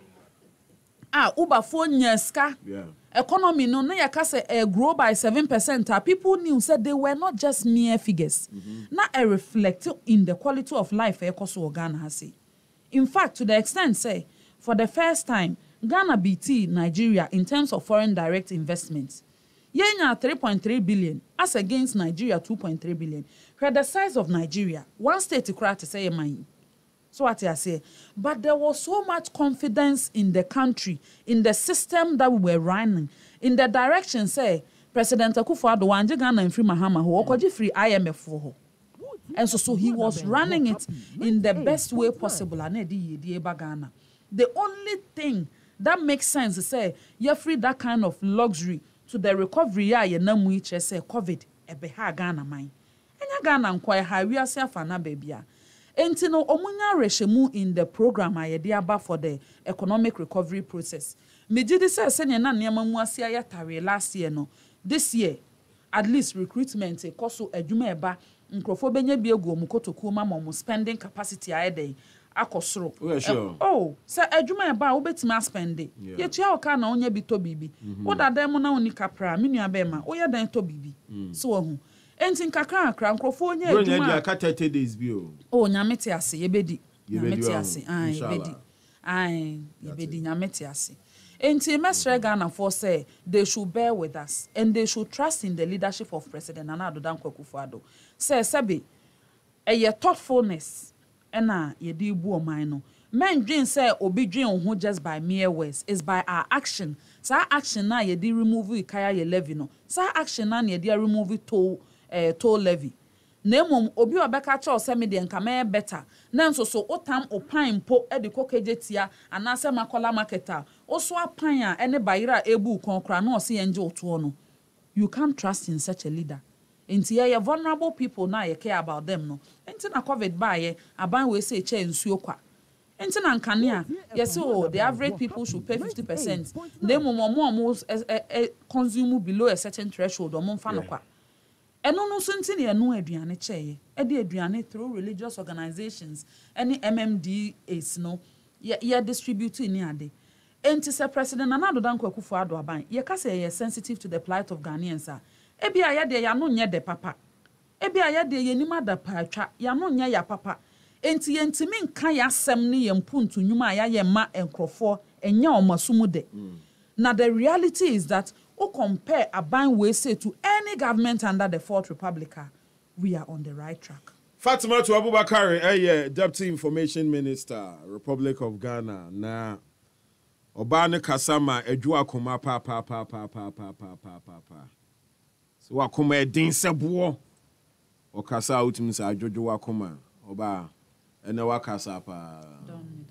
a ubafoɔ nya sika. Yeah economy no na yɛka sɛ uh, grow by seven percent a people knew sɛ they were not just mere figures mm-hmm. na ɛ reflect in the quality of life ɛkɔ so wɔ ghana ha se in fact to the extent say, for the first time ghana bt nigeria in terms of foreign direct investment point three billion as against nigeria two point three billion hwɛ the size of nigeria one state koraa te sɛ yɛ man yi So what I say, but there was so much confidence in the country, in the system that we were running, in the direction say President Akufo-Addo wanje Ghana free Mahama ho, okoji free IMF ho. And so, so he was running it in the best way possible. E Ghana. The only thing that makes sense is say you're free that kind of luxury to the recovery yeah you know which say COVID ebe ha Ghana mine. Enya Ghana nkwa ha wiase afa na baby enti no ɔmonya mu in the program a yɛde aba for the economic recovery process megye di sɛ sɛnea na nneɛma mu ase ayɛ taree last year no this year at least recruitment e kɔ so adwuma ɛba e nkurɔfoɔ bɛnya bi agu ɔmo kotokuo ma ma ɔmo spending capacity ayɛ dɛn akɔ soro o sɛ adwuma ɛba a wobɛtumi aspɛnde yɛtua wɔ na wonya bi tɔ biribi woda mm-hmm. dan e mu na wo nika praa me nua bɛɛma woyɛ dan tɔ biribi mm. so wahu nti nkakrankra nkurɔfoɔ nyɛ adwuma o nyame te ase yɛbɛdi nyame te ase yɛbɛdi yɛbɛdi nyame te ase nti mɛsrɛ ghanafoɔ sɛ they should bear with us and they should trust in the leadership of president nana addo dankwa akufo-addo sɛ sɛbe ɛyɛ thoughtfulness ɛna yɛde bu ɔman no men dream sɛ obi dream ho just by mere words is by our action saa action na yɛde remove kaya yɛ levy no saa action na yɛde remove toll eh, toll levy na mmom obi a ɔbɛka kyerɛw sɛ me deɛ nka mɛyɛ bɛta na nso so wotam opan mpo de kɔ kɛgye tia anaasɛ makɔla market a woso apan a ne bayerɛ a ɛbu kɔn koraa na ɔse yɛngye wotoɔ no you can't trust in such a leader nti yɛyɛ vulnerable people na yɛ care about them no nti na covid baayɛ aban wei sɛ ɛkyɛ nsuo kwa nti na nkanea yɛsi o oh, the average people should pay fifty percent na mmom ɔmo ɔmo consume below a certain threshold ɔmo nfa no kwa. Yeah ɛno no nso nti na yɛno aduane kyɛeɛ ɛde aduane through religious organisations ɛne mmdas no yɛ distribute ne ade nti sɛ president nana adodo nkwakufu ado aban yɛka sɛ yɛyɛ sensitive to the plight of ghanaians a ebi a yɛdeɛ yɛano nyɛ dɛ papa ebi a yɛdeɛ yɛnim ada paatwa yɛano nyɛ yɛ papa nti yɛntumi nka yɛasɛm ne yɛn mpuntu nnwuma a yɛayɛ ma nkurɔfoɔ ɛnyɛ ɔmaso mu dɛ mm. na the reality is that Who compare aban wei to any government under the fourth republic ah, we are on the right track. fatima to abubakar ɛyɛ eh, deputy information minister republic of ghana na ɔbaa ne kasa ma adwo akoma paapaapaapaapaapaapa sɛ wakoma ɛden sɛ boɔ ɔkasa a Okasa utimisa jojo wakoma ɔbaa ɛnɛ wakasa paa